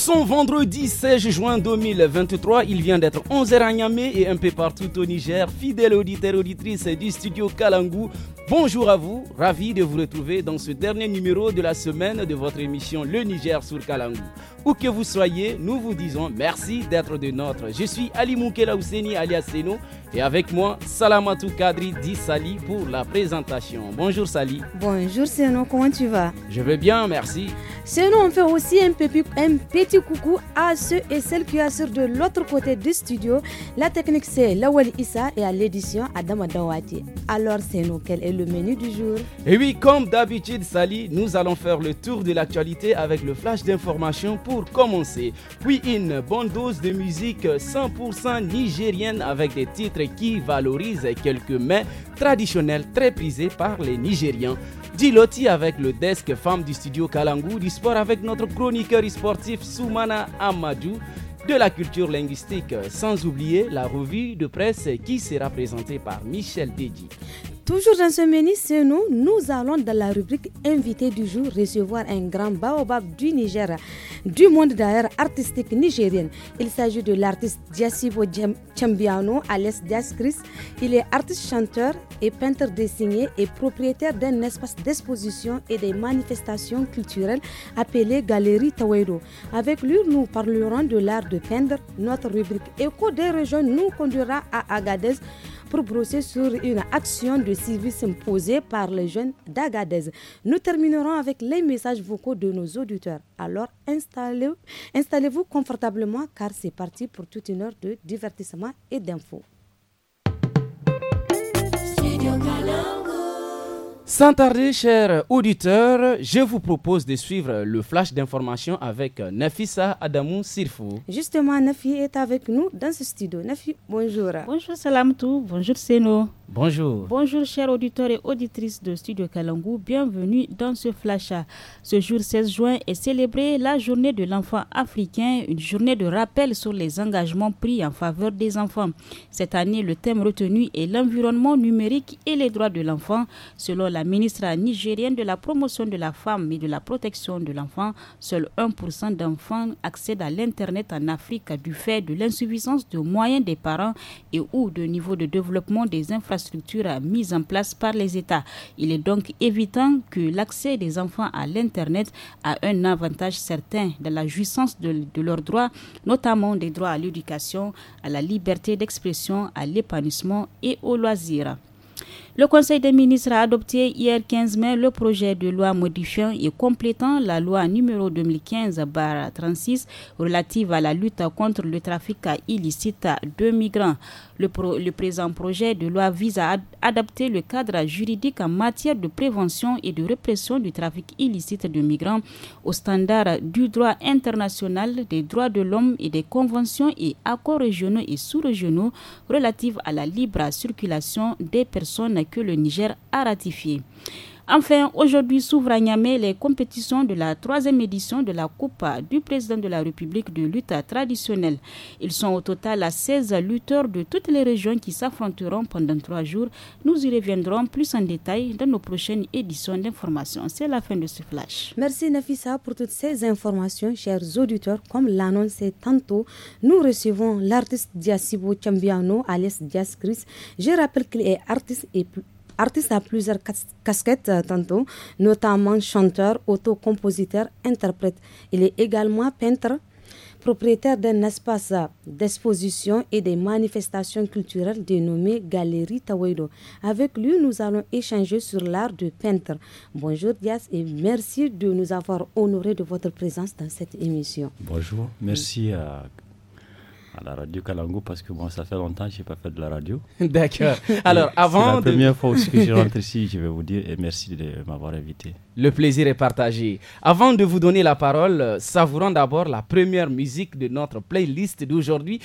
son vendredi 16 juin 2023. Il vient d'être 11h à Niamey et un peu partout au Niger. Fidèle auditeur auditrice du studio Kalangu, Bonjour à vous, ravi de vous retrouver dans ce dernier numéro de la semaine de votre émission Le Niger sur Kalangou. Où que vous soyez, nous vous disons merci d'être de notre. Je suis Ali Moukela Ouseni, alias Seno et avec moi Salamatou Kadri dit Sali pour la présentation. Bonjour Sali. Bonjour Seno, comment tu vas Je vais bien, merci. Seno, on fait aussi un petit, coucou à ceux et celles qui assurent de l'autre côté du studio. La technique c'est Lawal Issa et à l'édition Adama Dawati. Alors Seno, quel est le menu du jour. Et oui, comme d'habitude, Sali, nous allons faire le tour de l'actualité avec le flash d'information pour commencer. Puis une bonne dose de musique 100% nigérienne avec des titres qui valorisent quelques mains traditionnels très prisés par les Nigériens. Diloti avec le desk femme du studio Kalangu, du sport avec notre chroniqueur sportif Soumana Amadou de la culture linguistique, sans oublier la revue de presse qui sera présentée par Michel Dédi. Toujours dans ce menu, c'est nous. Nous allons dans la rubrique invité du jour recevoir un grand baobab du Niger, du monde d'art artistique nigérien. Il s'agit de l'artiste Diasibo Chambiano, alias Dias Chris. Il est artiste chanteur et peintre dessiné et propriétaire d'un espace d'exposition et des manifestations culturelles appelé Galerie Tawedo. Avec lui, nous parlerons de l'art de peindre. Notre rubrique Écho des régions nous conduira à Agadez pour brosser sur une action de service imposée par les jeunes d'Agadez. Nous terminerons avec les messages vocaux de nos auditeurs. Alors installez-vous confortablement car c'est parti pour toute une heure de divertissement et d'infos. Sans tarder, chers auditeurs, je vous propose de suivre le flash d'information avec Nafisa Adamou Sirfou. Justement, Nafi est avec nous dans ce studio. Nafi, bonjour. Bonjour Salam tout. bonjour Seno. Bonjour. Bonjour chers auditeurs et auditrices de Studio Kalangu. bienvenue dans ce flash. Ce jour 16 juin est célébré la journée de l'enfant africain, une journée de rappel sur les engagements pris en faveur des enfants. Cette année, le thème retenu est l'environnement numérique et les droits de l'enfant, selon la ministre nigérienne de la promotion de la femme et de la protection de l'enfant. Seul 1% d'enfants accèdent à l'Internet en Afrique du fait de l'insuffisance de moyens des parents et ou de niveau de développement des infrastructures structure mise en place par les États. Il est donc évident que l'accès des enfants à l'Internet a un avantage certain dans la jouissance de, leurs droits, notamment des droits à l'éducation, à la liberté d'expression, à l'épanouissement et au loisirs. Le Conseil des ministres a adopté hier 15 mai le projet de loi modifiant et complétant la loi numéro 2015-36 relative à la lutte contre le trafic illicite de migrants. Le, présent projet de loi vise à adapter le cadre juridique en matière de prévention et de répression du trafic illicite de migrants au standard du droit international des droits de l'homme et des conventions et accords régionaux et sous-régionaux relatifs à la libre circulation des personnes que le Niger a ratifié. Enfin, aujourd'hui s'ouvrent à Niamé les compétitions de la troisième édition de la Coupe du président de la République de lutte traditionnelle. Ils sont au total à 16 lutteurs de toutes les régions qui s'affronteront pendant trois jours. Nous y reviendrons plus en détail dans nos prochaines éditions d'informations. C'est la fin de ce flash. Merci Nafissa pour toutes ces informations, chers auditeurs. Comme l'annonçait tantôt, nous recevons l'artiste Diasibo Chambiano, alias Dias Chris. Je rappelle qu'il est artiste et artiste à plusieurs casquettes euh, tantôt, notamment chanteur, auto-compositeur, interprète. Il est également peintre, propriétaire d'un espace d'exposition et des manifestations culturelles dénommé Galerie Tawedo. Avec lui, nous allons échanger sur l'art du peintre. Bonjour Diaz et merci de nous avoir honoré de votre présence dans cette émission. Bonjour, merci à à la radio Kalango parce que moi ça fait longtemps que je n'ai pas fait de la radio. D'accord. Alors, avant. C'est la première fois que je rentre ici, je vais vous dire et merci de m'avoir invité. Le plaisir est partagé. Avant de vous donner la parole, euh, savourons d'abord la première musique de notre playlist d'aujourd'hui.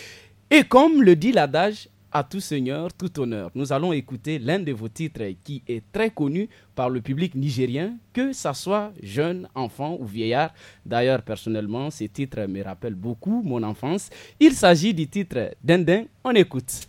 Et comme le dit l'adage, à tout seigneur, tout honneur. Nous allons écouter l'un de vos titres qui est très connu par le public nigérien, que ça soit jeune, enfant ou vieillard. D'ailleurs, personnellement, ces titres me rappelle beaucoup mon enfance. Il s'agit du titre Dindin. On écoute.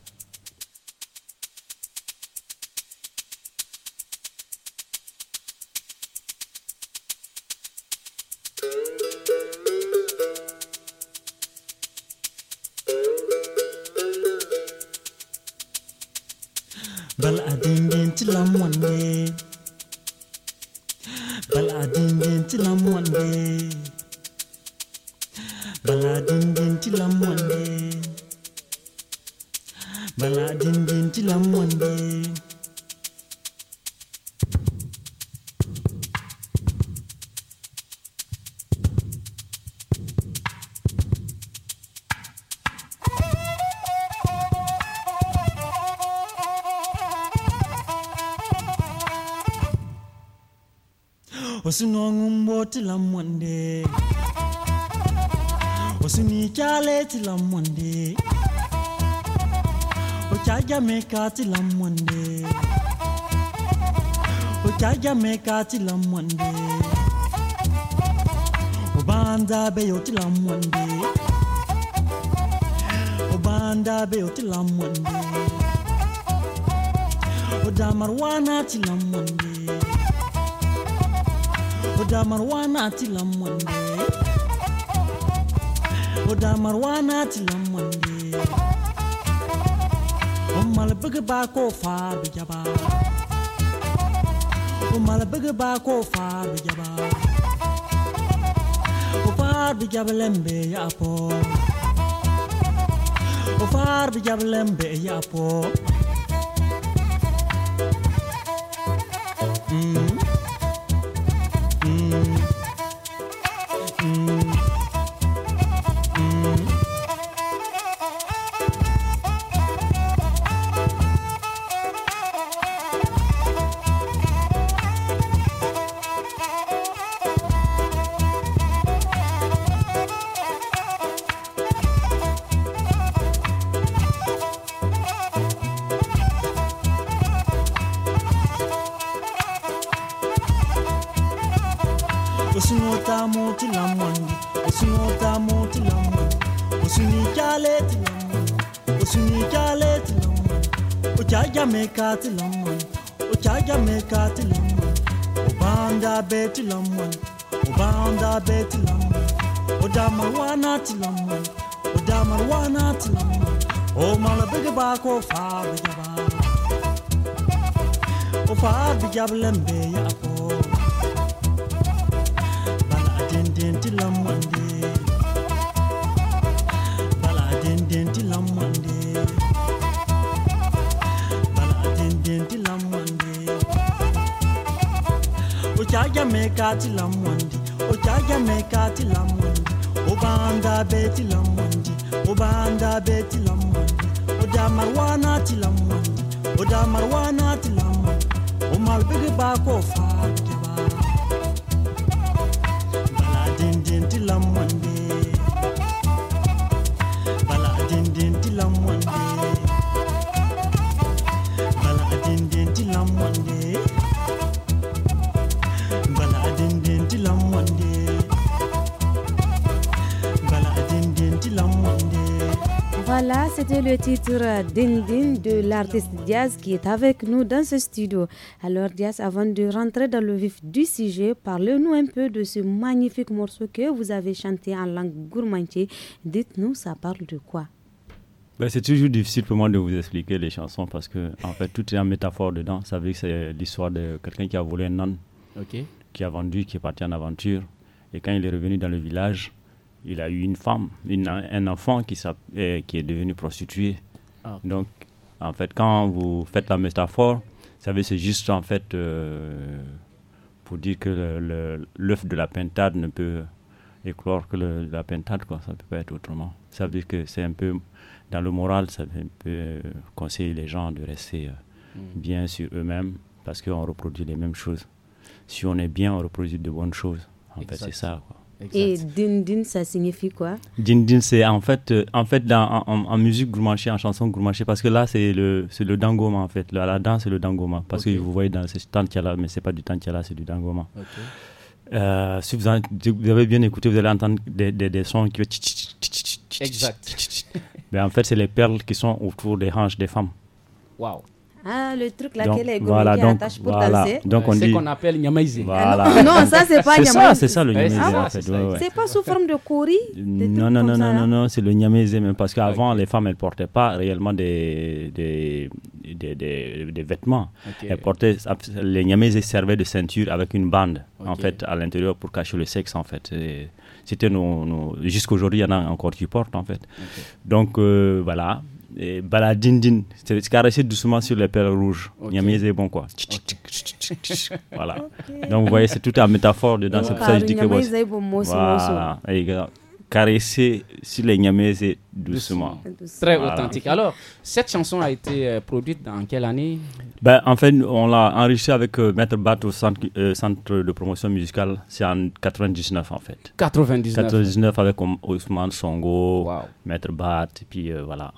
Osunongumbo till I'm one day. Osunichale till I'm one day. O till i ti one day. Ochajamaica till I'm one day. Obanda beyo till I'm one day. Obanda beyo till I'm one day. Odamarwana till I'm one day. Oda marwana I'm one day. Odamarwana till I'm one day. O Malabuga back or far be jabba. O Malabuga back or far be jabba. O far be jabbalembe yapo. O far be jabbalembe yapo. osini ta mo ti la O osini ta mo ti la mandi osini kyale ti la mandi osini kyale ti la mandi ochaja meka ti la mandi ochaja meka ti la O obanda be ti la mandi obanda be ti la mandi odama wana ti la mandi odama wana ti la mandi o mala bege ba ko fa bege ba o fa bege ba lembe ya meka tila mwandi ojaja oh, meka tila mwandi obanda oh, be tila mwandi obanda oh, be tila mwandi oda marwana ti mwandi oda marwana ti mwandi omalbege bako fa le titre Dindin de l'artiste Diaz qui est avec nous dans ce studio. Alors Diaz, avant de rentrer dans le vif du sujet, parlez-nous un peu de ce magnifique morceau que vous avez chanté en langue gourmandie. Dites-nous, ça parle de quoi ben, C'est toujours difficile pour moi de vous expliquer les chansons parce que en fait tout est en métaphore dedans. Ça veut dire que c'est l'histoire de quelqu'un qui a volé un âne, qui a vendu, qui est parti en aventure. Et quand il est revenu dans le village, il a eu une femme, un enfant qui, qui est devenu prostitué. Ah, Donc, en fait, quand vous faites la métaphore, ça veut c'est juste en fait euh, pour dire que l'œuf de la pentade ne peut éclore que la pentade, quoi. Ça peut pas être autrement. Ça veut dire que c'est un peu dans le moral, ça veut un peu conseiller les gens de rester euh, hmm. bien sur eux-mêmes parce qu'on reproduit les mêmes choses. Si on est bien, on reproduit de bonnes choses. En fait, c'est ça. Quoi. Et dindin, ça signifie quoi Dindin, c'est en fait, euh, en, fait en, musique gourmanché, en chanson gourmanché, parce que là, c'est le, le dangoma en fait. La, la danse, c'est le dangoma. Parce que vous voyez, dans, c'est tantiala, mais c'est pas du tantiala, c'est du dangoma. Euh, si vous, avez bien écouté, vous allez entendre des, des, sons qui. Exact. Mais en fait, c'est les perles qui sont autour des hanches des femmes. Waouh ah, le truc là, qu'elle est voilà, donc, attache pour voilà. danser. Donc on dit. qu'on appelle nyamaisé. Voilà. Ah non, ça, c'est pas nyamaisé. C'est ça, c'est ça le nyamaïsé. Ah, en fait, C'est pas sous forme de kouri Non, non, non, non, non, non, c'est le nyamaisé même parce qu'avant, les femmes, elles portaient pas réellement des, des, des, des, des vêtements. Elles portaient, les nyamaïsés servaient de ceinture avec une bande, en fait, à l'intérieur pour cacher le sexe, en fait. C'était nos, Jusqu'aujourd'hui, il y en a encore qui portent, en fait. Donc, euh, voilà et baladine c'est caresser doucement sur les perles rouges okay. est bon quoi voilà donc vous voyez c'est tout en métaphore dedans c'est pour ça que je dis que voilà caresser sur les Niamey doucement. très authentique alors cette chanson a été euh, produite dans quelle année ben en fait on l'a enrichie avec euh, Maître Bat au euh, centre, de promotion musicale c'est en 99 en fait 99 99 avec Ousmane Songo Maître Bat et puis voilà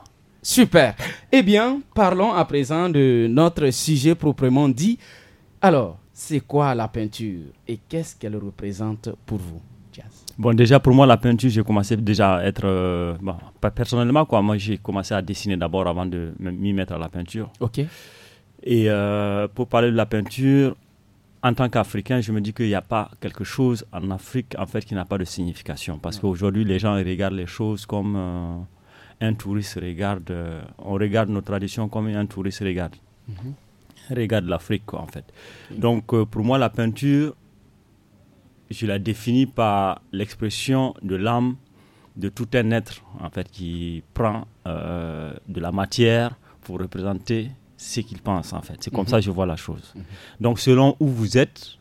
Super. Eh bien, parlons à présent de notre sujet proprement dit. Alors, c'est quoi la peinture et qu'est-ce qu'elle représente pour vous Bon, déjà pour moi, la peinture, j'ai commencé déjà à être. Euh, personnellement, quoi, moi j'ai commencé à dessiner d'abord avant de m'y mettre à la peinture. Ok. Et euh, pour parler de la peinture, en tant qu'Africain, je me dis qu'il n'y a pas quelque chose en Afrique en fait qui n'a pas de signification. Parce qu'aujourd'hui, les gens ils regardent les choses comme. Euh, un touriste regarde, euh, on regarde nos traditions comme un touriste regarde. Mm-hmm. Regarde l'Afrique, en fait. Donc, euh, pour moi, la peinture, je la définis par l'expression de l'âme de tout un être, en fait, qui prend euh, de la matière pour représenter ce qu'il pense, en fait. C'est comme mm-hmm. ça que je vois la chose. Mm-hmm. Donc, selon où vous êtes,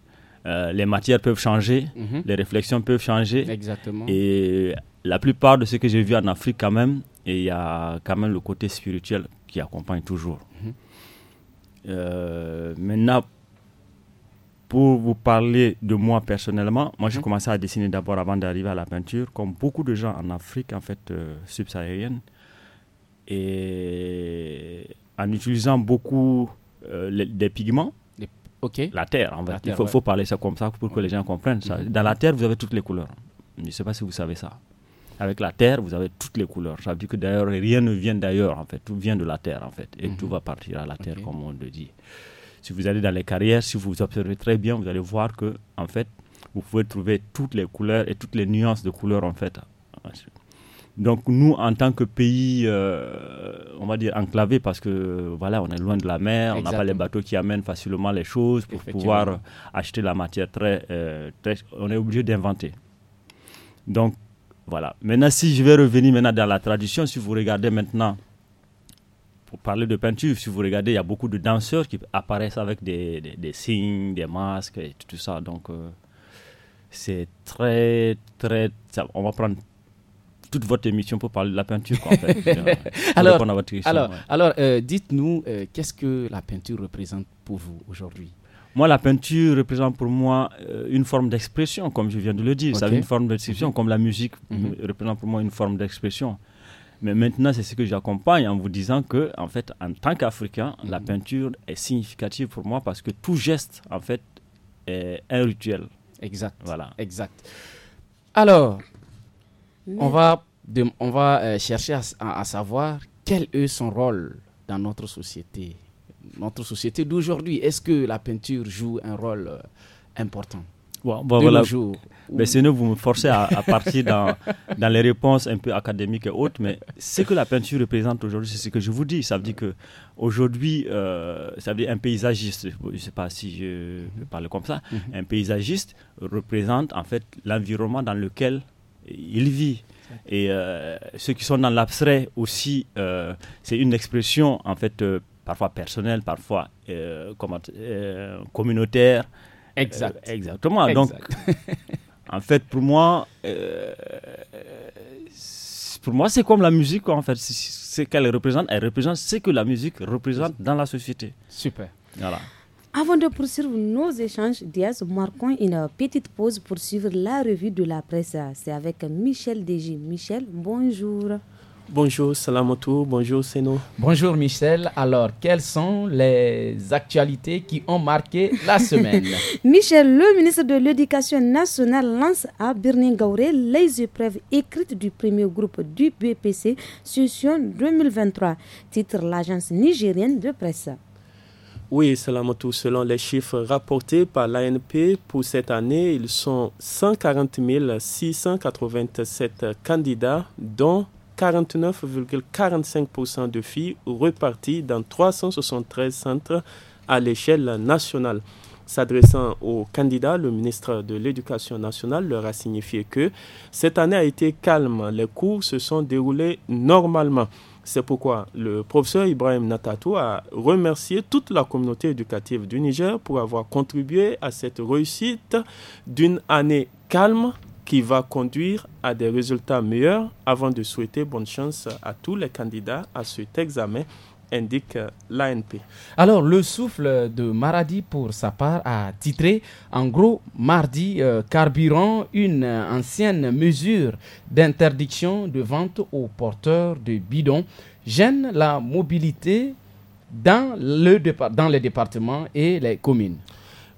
les matières peuvent changer, les réflexions peuvent changer. Exactement. Et la plupart de ce que j'ai vu en Afrique, quand même, et il y a quand même le côté spirituel qui accompagne toujours. Mhm. Euh, maintenant, pour vous parler de moi personnellement, moi j'ai mhm. commencé à dessiner d'abord avant d'arriver à la peinture, comme beaucoup de gens en Afrique en fait euh, subsaharienne, et en utilisant beaucoup euh, des pigments. Ok. La terre, en fait. il faut, parler ça comme ça pour que les gens comprennent ça. Mhm. Dans la terre, vous avez toutes les couleurs. Je ne sais pas si vous savez ça. Avec la terre, vous avez toutes les couleurs. Ça veut dire que d'ailleurs, rien ne vient d'ailleurs, en fait. Tout vient de la terre, en fait. Et tout mhm. va partir à la terre, comme on le dit. Si vous allez dans les carrières, si vous observez très bien, vous allez voir que, en fait, vous pouvez trouver toutes les couleurs et toutes les nuances de couleurs, en fait. Donc, nous, en tant que pays, euh, on va dire enclavé, parce que, voilà, on est loin de la mer, on n'a pas les bateaux qui amènent facilement les choses pour pouvoir acheter la matière très. Euh, très on est obligé d'inventer. Donc, voilà. Maintenant, si je vais revenir maintenant dans la tradition, si vous regardez maintenant, pour parler de peinture, si vous regardez, il y a beaucoup de danseurs qui apparaissent avec des, signes, des masques et tout ça. Donc, euh, c'est très, très. on va prendre toute votre émission pour parler de la peinture. alors, alors, alors euh, dites-nous, euh, qu'est-ce que la peinture représente pour vous aujourd'hui moi, la peinture représente pour moi euh, une forme d'expression, comme je viens de le dire. Vous une forme d'expression, mhm. comme la musique mhm. euh, représente pour moi une forme d'expression. Mais maintenant, c'est ce que j'accompagne en vous disant que, en fait, en tant qu'Africain, la mhm. peinture est significative pour moi parce que tout geste, en fait, est un rituel. Exact. Voilà. Exact. Alors, on va, euh, chercher à, à savoir quel est son rôle dans notre société notre société d'aujourd'hui. Est-ce que la peinture joue un rôle euh, important bon, de jours mais sinon, vous me forcez à, partir dans, dans, les réponses un peu académiques et autres. Mais ce que la peinture représente aujourd'hui, c'est ce que je vous dis. Ça veut dire que aujourd'hui, euh, ça veut dire un paysagiste. Je ne sais pas si je parle comme ça. Mhm. Un paysagiste représente en fait l'environnement dans lequel il vit. Et euh, ceux qui sont dans l'abstrait aussi, c'est une expression en fait parfois personnel, parfois euh, euh communautaire. Exact. Euh, exactement. Donc, en fait, pour moi, euh, pour moi, c'est comme la musique, en fait. ce qu'elle représente, elle représente ce que la musique représente dans la société. Super. Voilà. Avant de poursuivre nos échanges, Diaz, marquons une petite pause pour suivre la revue de la presse. C'est avec Michel Dégis. Michel, bonjour. Bonjour Salamotou, bonjour Seno. Bonjour Michel. Alors, quelles sont les actualités qui ont marqué la semaine Michel, le ministre de l'Éducation nationale lance à Birningauré les épreuves écrites du premier groupe du BPC session 2023, titre l'agence nigérienne de presse. Oui, Salamotou, selon les chiffres rapportés par l'ANP, pour cette année, ils sont 140 687 candidats, dont 49,45% de filles reparties dans 373 centres à l'échelle nationale. S'adressant aux candidats, le ministre de l'Éducation nationale leur a signifié que cette année a été calme, les cours se sont déroulés normalement. C'est pourquoi le professeur Ibrahim Natato a remercié toute la communauté éducative du Niger pour avoir contribué à cette réussite d'une année calme qui va conduire à des résultats meilleurs avant de souhaiter bonne chance à tous les candidats à cet examen indique l'ANP. Alors, le souffle de Maradi, pour sa part, a titré en gros mardi euh, carburant une ancienne mesure d'interdiction de vente aux porteurs de bidons gêne la mobilité dans, le, dans les départements et les communes.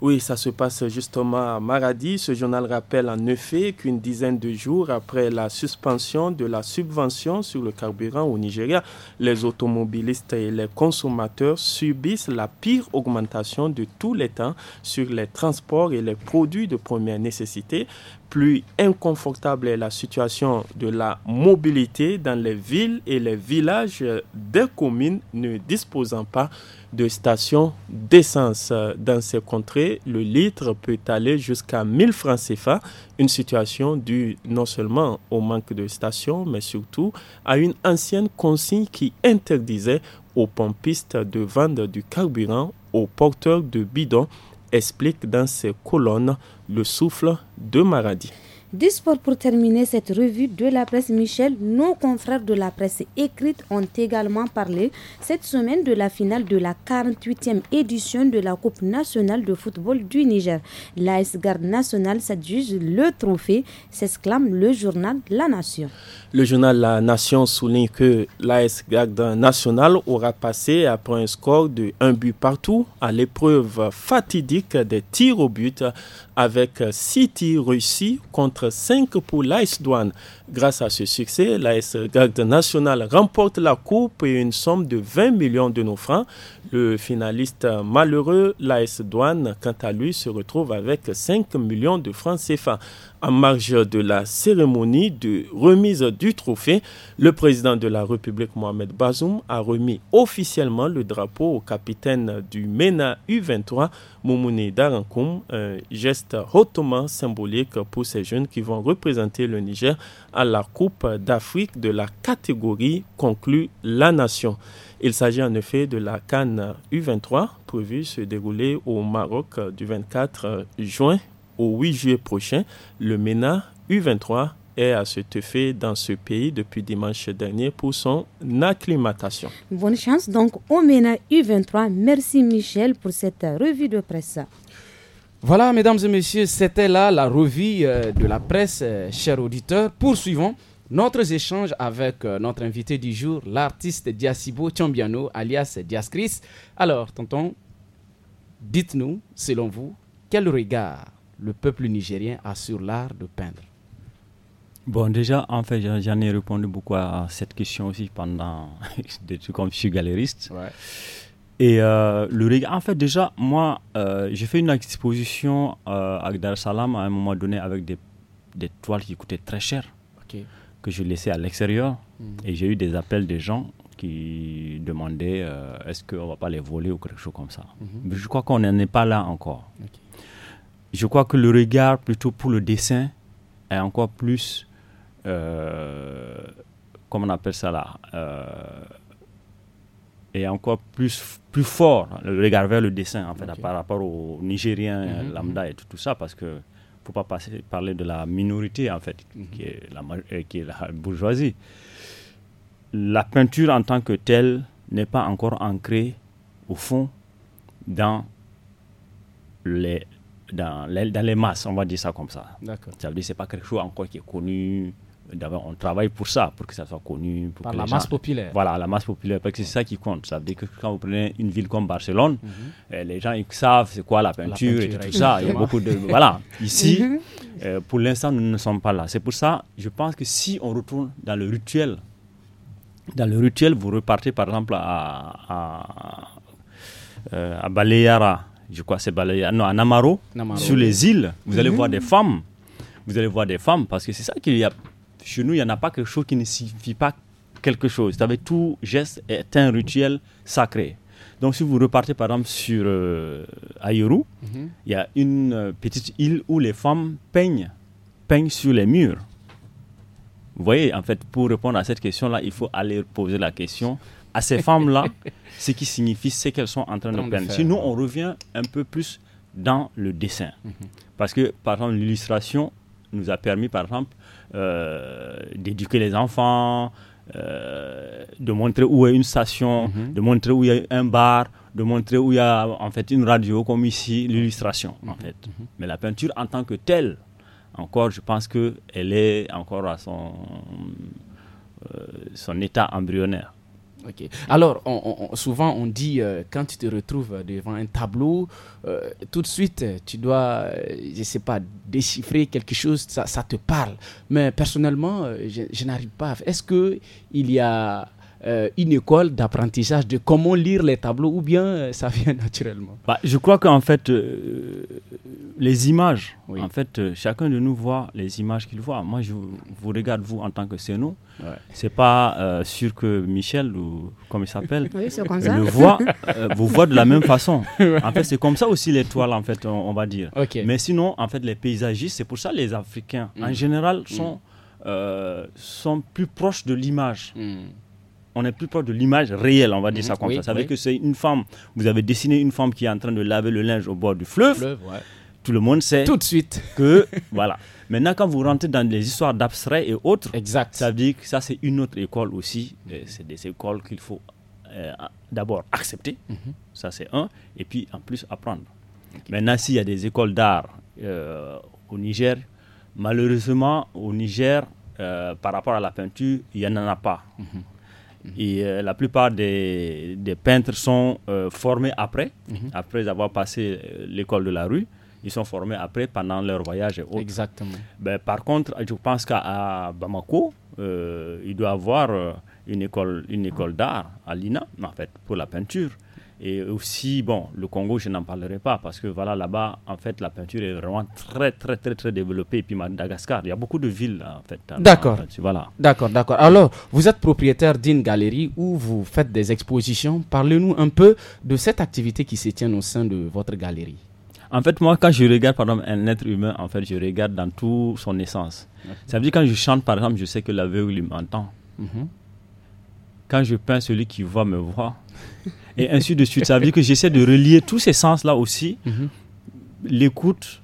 Oui, ça se passe justement à Maradi. Ce journal rappelle en effet qu'une dizaine de jours après la suspension de la subvention sur le carburant au Nigeria, les automobilistes et les consommateurs subissent la pire augmentation de tous les temps sur les transports et les produits de première nécessité plus inconfortable est la situation de la mobilité dans les villes et les villages des communes ne disposant pas de stations d'essence. Dans ces contrées, le litre peut aller jusqu'à 1000 francs CFA, une situation due non seulement au manque de stations, mais surtout à une ancienne consigne qui interdisait aux pompistes de vendre du carburant aux porteurs de bidons explique dans ses colonnes le souffle de Maradi. Du sport pour terminer cette revue de la presse, Michel, nos confrères de la presse écrite ont également parlé cette semaine de la finale de la 48e édition de la Coupe nationale de football du Niger. L'AS Garde nationale s'adjuge le trophée, s'exclame le journal La Nation. Le journal La Nation souligne que l'AS Garde nationale aura passé après un score de 1 but partout à l'épreuve fatidique des tirs au but avec 6 tirs contre 5 pour l'AS Douane. Grâce à ce succès, l'AS Garde Nationale remporte la coupe et une somme de 20 millions de nos francs. Le finaliste malheureux, l'AS Douane, quant à lui, se retrouve avec 5 millions de francs CFA. En marge de la cérémonie de remise du trophée, le président de la République Mohamed Bazoum a remis officiellement le drapeau au capitaine du MENA U23, Moumouni Darankoum, un geste hautement symbolique pour ces jeunes qui vont représenter le Niger à la Coupe d'Afrique de la catégorie conclue la nation. Il s'agit en effet de la Cannes U23 prévue se dérouler au Maroc du 24 juin au 8 juillet prochain, le MENA U23 est à se fait dans ce pays depuis dimanche dernier pour son acclimatation. Bonne chance donc au MENA U23. Merci Michel pour cette revue de presse. Voilà, mesdames et messieurs, c'était là la revue euh, de la presse, euh, chers auditeurs. Poursuivons notre échange avec euh, notre invité du jour, l'artiste Diasibo Tiambiano, alias Diascris. Alors, tonton, dites-nous, selon vous, quel regard le peuple nigérien assure l'art de peindre Bon, déjà, en fait, j'en ai répondu beaucoup à cette question aussi pendant. comme je suis galériste. Ouais. Et euh, le en fait, déjà, moi, euh, j'ai fait une exposition euh, à Dar Salam à un moment donné avec des, toiles qui coûtaient très cher, que je laissais à l'extérieur. Mhm. Et j'ai eu des appels des gens qui demandaient est-ce qu'on ne va pas les voler ou quelque chose comme ça. Mhm. Mais Je crois qu'on n'en est pas là encore. OK je crois que le regard plutôt pour le dessin est encore plus, euh, comment on appelle ça là, euh, est encore plus, plus fort, le regard vers le dessin en fait, par rapport aux Nigériens mhm, mhm. lambda et tout, ça, parce que faut pas passer, parler de la minorité en fait, qui, mhm. est la, euh, qui est la bourgeoisie. La peinture en tant que telle n'est pas encore ancrée au fond dans les, dans les, dans les masses, on va dire ça comme ça. Ça veut dire que ce n'est pas quelque chose encore qui est connu. D'abord, on travaille pour ça, pour que ça soit connu. Pour Par la masse populaire. Voilà, la masse populaire, parce que c'est ça qui compte. Ça veut dire que quand vous prenez une ville comme Barcelone, mhm. eh, les gens ils savent c'est quoi la peinture, et tout, ça. Il y a beaucoup de. Voilà. Ici, mhm. eh, pour l'instant, nous ne sommes pas là. C'est pour ça, je pense que si on retourne dans le rituel, dans le rituel, vous repartez par exemple à, à, à, euh, à Baleara, je crois c'est Balaya, non, à Namaro, sur les îles, vous allez voir mhm. des femmes. Vous allez voir des femmes, parce que c'est ça qu'il y a. Chez nous, il n'y en a pas quelque chose qui ne signifie pas quelque chose. savez, tout geste est un rituel sacré. Donc, si vous repartez par exemple sur euh, Ayuru, mhm. il y a une euh, petite île où les femmes peignent, peignent sur les murs. Vous voyez, en fait, pour répondre à cette question-là, il faut aller poser la question à ces femmes-là ce qui signifie ce qu'elles sont en train de peindre. Si nous, on revient un peu plus dans le dessin. Mhm. Parce que, par exemple, l'illustration nous a permis, par exemple, euh, d'éduquer les enfants, euh, de montrer où est une station, mhm. de montrer où il y a un bar, de montrer où il y a en fait une radio, comme ici, l'illustration, en mhm. fait. Mais la peinture en tant que telle, encore, je pense qu'elle est encore à son, euh, son état embryonnaire. Ok. Alors, on, souvent on dit euh, quand tu te retrouves devant un tableau, euh, tout de suite tu dois, je euh, je sais pas, déchiffrer quelque chose, ça, te parle. Mais personnellement, je, je n'arrive pas. Est-ce que il y a euh, une école d'apprentissage de comment lire les tableaux ou bien euh, ça vient naturellement bah, Je crois qu'en fait, euh, les images, en fait, chacun de nous voit les images qu'il voit. Moi, je vous regarde, vous, en tant que Sénou. C'est pas sûr que Michel, ou comme il s'appelle, le voit, vous voit de la même façon. En fait, c'est comme ça aussi l'étoile, en fait, on, va dire. Mais sinon, en fait, les paysagistes, c'est pour ça les Africains, en mm. général, mm. sont... sont plus proches de l'image. Mm on est plus proche de l'image réelle, on va dire mhm. ça comme ça. Ça veut que c'est une femme, vous avez dessiné une femme qui est en train de laver le linge au bord du fleuve. Tout le monde sait. Tout de suite. Que, voilà. Maintenant, quand vous rentrez dans les histoires d'abstrait et autres, ça veut dire que ça, c'est une autre école aussi. C'est des écoles qu'il faut euh, d'abord accepter. Mhm. Ça, c'est un. Et puis, en plus, apprendre. Maintenant, s'il y a des écoles d'art euh, au Niger, malheureusement, au Niger, euh, par rapport à la peinture, il n'y en a pas. Mhm. Et euh, la plupart des, peintres sont euh, formés après, mhm. après avoir passé euh, l'école de la rue. Ils sont formés après pendant leur voyage Exactement. Ben, par contre, je pense qu'à Bamako, il doit avoir une école, une école d'art à l'INA, en fait, pour la peinture. Et aussi, bon, le Congo, je n'en parlerai pas parce que voilà, là-bas, en fait, la peinture est vraiment très, très, très, très développée. Et puis Madagascar, il y a beaucoup de villes, en fait. D'accord. Voilà. D'accord, d'accord. Alors, vous êtes propriétaire d'une galerie où vous faites des expositions. Parlez-nous un peu de cette activité qui se tient au sein de votre galerie. En fait, moi, quand je regarde, par exemple, un être humain, en fait, je regarde dans toute son essence. Ça veut dire, quand je chante, par exemple, je sais que l'aveugle m'entend. Mhm. Quand je peins, celui qui voit me voit et ainsi de suite. Ça veut dire que j'essaie de relier tous ces sens-là aussi. Mhm. L'écoute,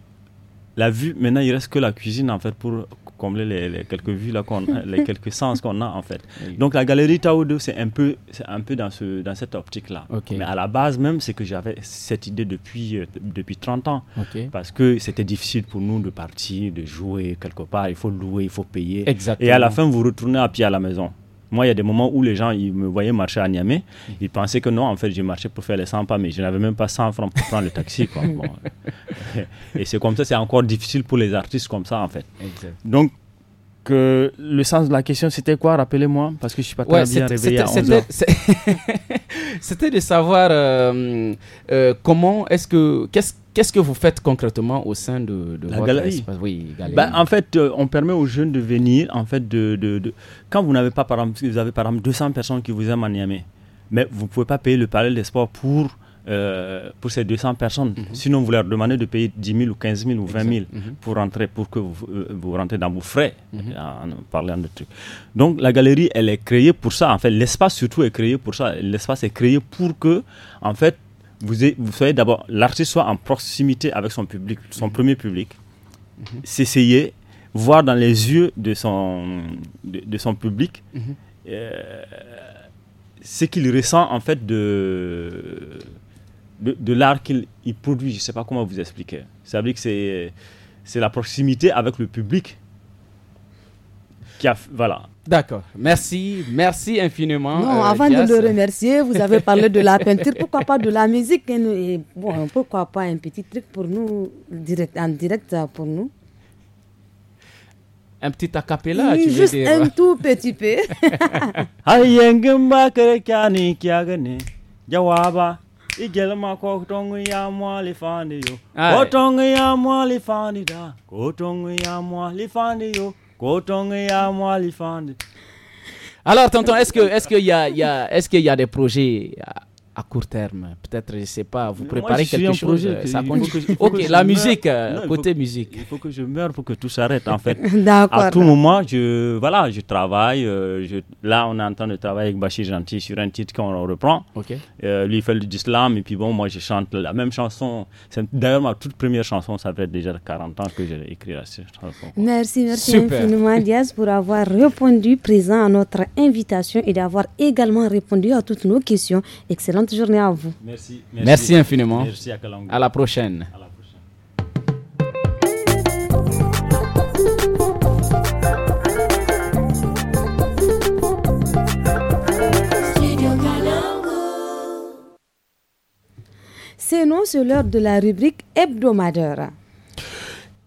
la vue. Maintenant, il reste que la cuisine, en fait, pour combler les, quelques vues, là, qu'on, les quelques sens qu'on a, en fait. Donc, la galerie Tao 2, c'est un peu, c'est un peu dans, ce, dans cette optique-là. Mais à la base, même, c'est que j'avais cette idée depuis, euh, depuis 30 ans. Parce que c'était difficile pour nous de partir, de jouer quelque part. Il faut louer, il faut payer. Et à la fin, vous retournez à pied à la maison. Moi, il y a des moments où les gens ils me voyaient marcher à Niamey, ils pensaient que non, en fait, j'ai marché pour faire les 100 pas, mais je n'avais même pas 100 francs pour prendre le taxi. Et c'est comme ça, c'est encore difficile pour les artistes comme ça, en fait. Donc, que le sens de la question, c'était quoi Rappelez-moi, parce que je suis pas très bien réveillé à 11 C'était de savoir euh, euh, comment est-ce que... qu'est-ce Qu'est-ce que vous faites concrètement au sein de, la galerie. galerie. Bah, en fait, euh, on permet aux jeunes de venir. En fait, de, de, de quand vous n'avez pas, par exemple, vous avez par exemple 200 personnes qui vous aiment à Niamey, mais vous ne pouvez pas payer le palais d'espoir pour euh, pour ces 200 personnes. Mhm. Sinon, vous leur demandez de payer 10 000 ou 15 000 ou 20 000 mhm. pour rentrer, pour que vous, euh, rentrez dans vos frais, mhm. en, parlant de trucs. Donc, la galerie, elle est créée pour ça. En fait, l'espace surtout est créé pour ça. L'espace est créé pour que, en fait, vous, savez d'abord, l'artiste soit en proximité avec son public, son mhm. premier public, mhm. s'essayer, voir dans les yeux de son, de, son public mhm. euh, ce qu'il ressent en fait de, de, l'art qu'il produit. Je ne sais pas comment vous expliquer. Ça veut dire que c'est la proximité avec le public qui a. Voilà. D'accord. Merci, merci infiniment. Non, euh, avant de le remercier, vous avez parlé de la peinture, pourquoi pas de la musique et, pourquoi pas un petit truc pour nous direct, en direct euh, pour nous. Un petit acapella, tu veux juste un tout petit peu. Alors, tonton, est-ce qu'il est que y, a, y, est -ce que y a des projets à court terme Peut-être, je sais pas, vous préparez quelque chose ça Ok, la musique, euh, côté musique. il faut que je meure faut que tout s'arrête, en fait. à tout moment, je, voilà, je travaille. Euh, là, on est en train de travailler avec Bachir Gentil sur un titre qu'on reprend. Euh, lui, il fait le slam, Et puis, bon, moi, je chante la même chanson. C'est d'ailleurs ma toute première chanson. Ça fait déjà 40 ans que j'ai écrit la chanson. Merci, merci Super. infiniment, Diaz, pour avoir répondu présent à notre invitation et d'avoir également répondu à toutes nos questions. Excellente journée à vous. Merci, merci, infiniment. Merci à, la prochaine. À la prochaine. C'est non, sur l'heure de la rubrique hebdomadaire.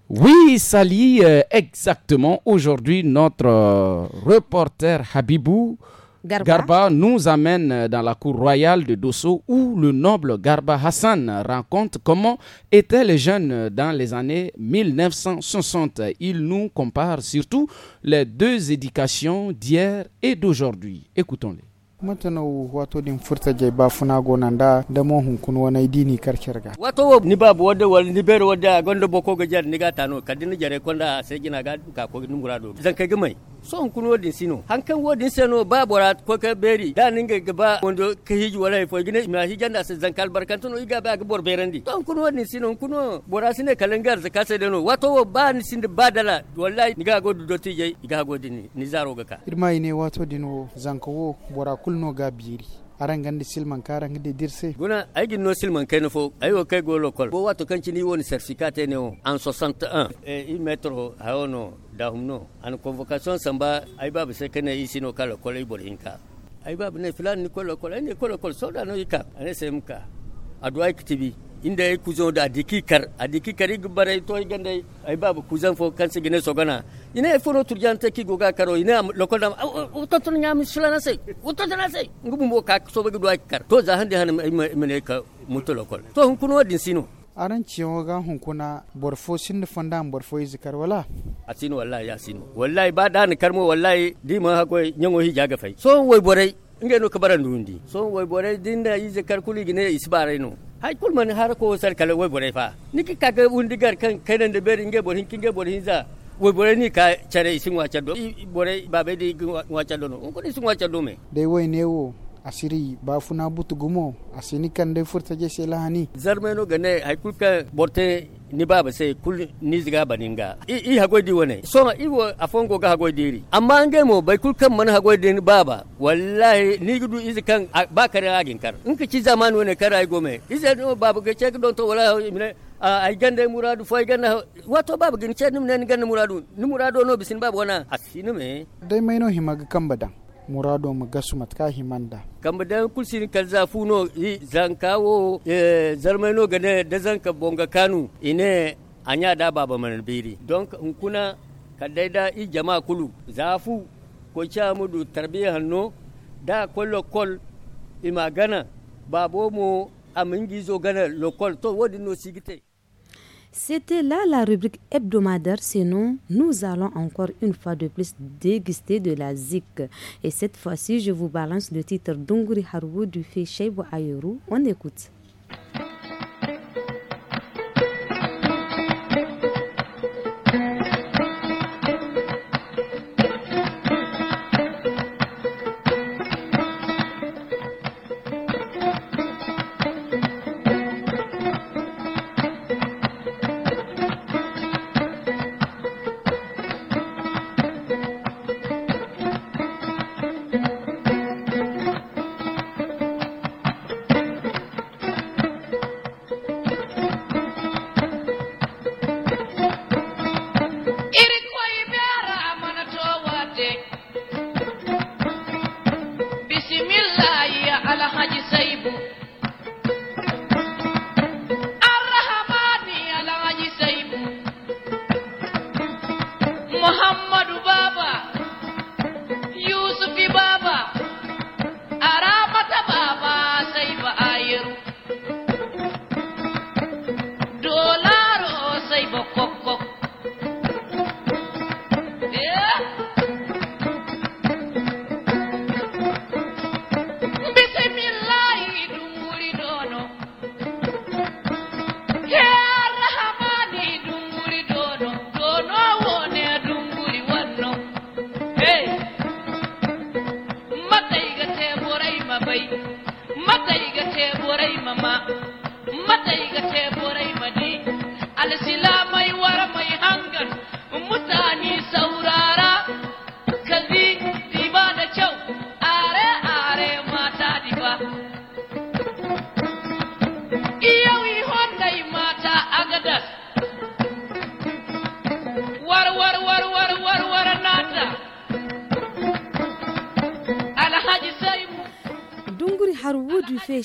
Oui, ça lie euh, exactement. Aujourd'hui, notre euh, reporter Habibou Garba. nous amène dans la cour royale de Dosso où le noble Garba Hassan raconte comment étaient les jeunes dans les années 1960. Il nous compare surtout les deux éducations d'hier et d'aujourd'hui. Écoutons-les. matanau wato din furta jai ba funa gonan da da mo hunkun wani dini karkar ga wato ni babu wadda wani ni ber wadda gondo boko ga jar ni ga tano kadin jare konda sai gina ga ka ko ni do zan kai gimai so hunkun wodin sino hankan wodin sino ba bora ko ka beri da nin ga gaba wando ka hiji wala e fo gina mi hiji da sai zan kal barkantuno iga ba ga bor berandi to hunkun wodin sino hunkun bora sine kalangar zaka sai dano wato ba ni sin da badala wallahi ni ga godu doti jai iga godini ni zaro ga ka irmai ne wato dino ko bora kulno ga biri aran gandi silman kara gande dirse guna aigin no silman kai no fo ayo kay go lokol bo wato kanci ni woni certificat ene o en 61 e il metro haono da humno an convocation samba ai babu sai kana isi no kala kolai borinka ai babu ne filan ni kolokol ai ne kolokol soda no yika ane semka aduai kitibi inda ay kuzo da adiki kar adiki kari gbare to gande ay babu kuzan fo kan su gine sogana ina ya fono turjan ta ki goga karo ina lokol dam o to to nya misla na se o na se ngubu mo ka so be do kar to za hande han mene ka mutu lokal to hun kuno din sino aran ciyon ga kuna borfo sin fanda borfo zikar wala a sino wallahi sino wallahi ba da ni karmo wallahi di ma hakoi nyango hi jaga fai so wai borai ngeno kabara ndundi so way bore dinda ize kalkuli gine isbare no hay kul man har ko sar kala way bore fa niki kaga undi gar kan kanan de beri nge bore hinki nge bore hinza way bore ni ka chare isin wacha do bore babe di wacha do no ko isin wacha do me dai way ne wo asiri bafuna butugumo asini je furtaje lahani zarmeno gane kulka borte ni baba sai kul ni ziga baninga i, i hagoi di wane so i wo afongo ga hagoi diri amma an mo bai kul kan man hagoi di baba wallahi ni gudu izi kan ba kare agin kar in ka ci zaman wane kara gome izi no baba ga cek don to wallahi mine ai gande muradu fo ai ganda wato baba gin check ni gande muradu ni muradu no bisin baba wana asini me dai mai no himaga kan badan murado mu gasu matka himanda kamba dan kulsin kalza funo zankawo e, zarmaino gane da zanka bonga kanu ine anya da baba manbiri don kuna kadaida i jama kulu zafu ko cha mudu tarbiya hanno da kollo kol imagana gana babo mu zo gana lokol to wodi no sigite C'était là la rubrique hebdomadaire, sinon nous allons encore une fois de plus déguster de la zik. Et cette fois-ci, je vous balance le titre d'Onguri Haru du fait Sheibo Ayuru. On écoute.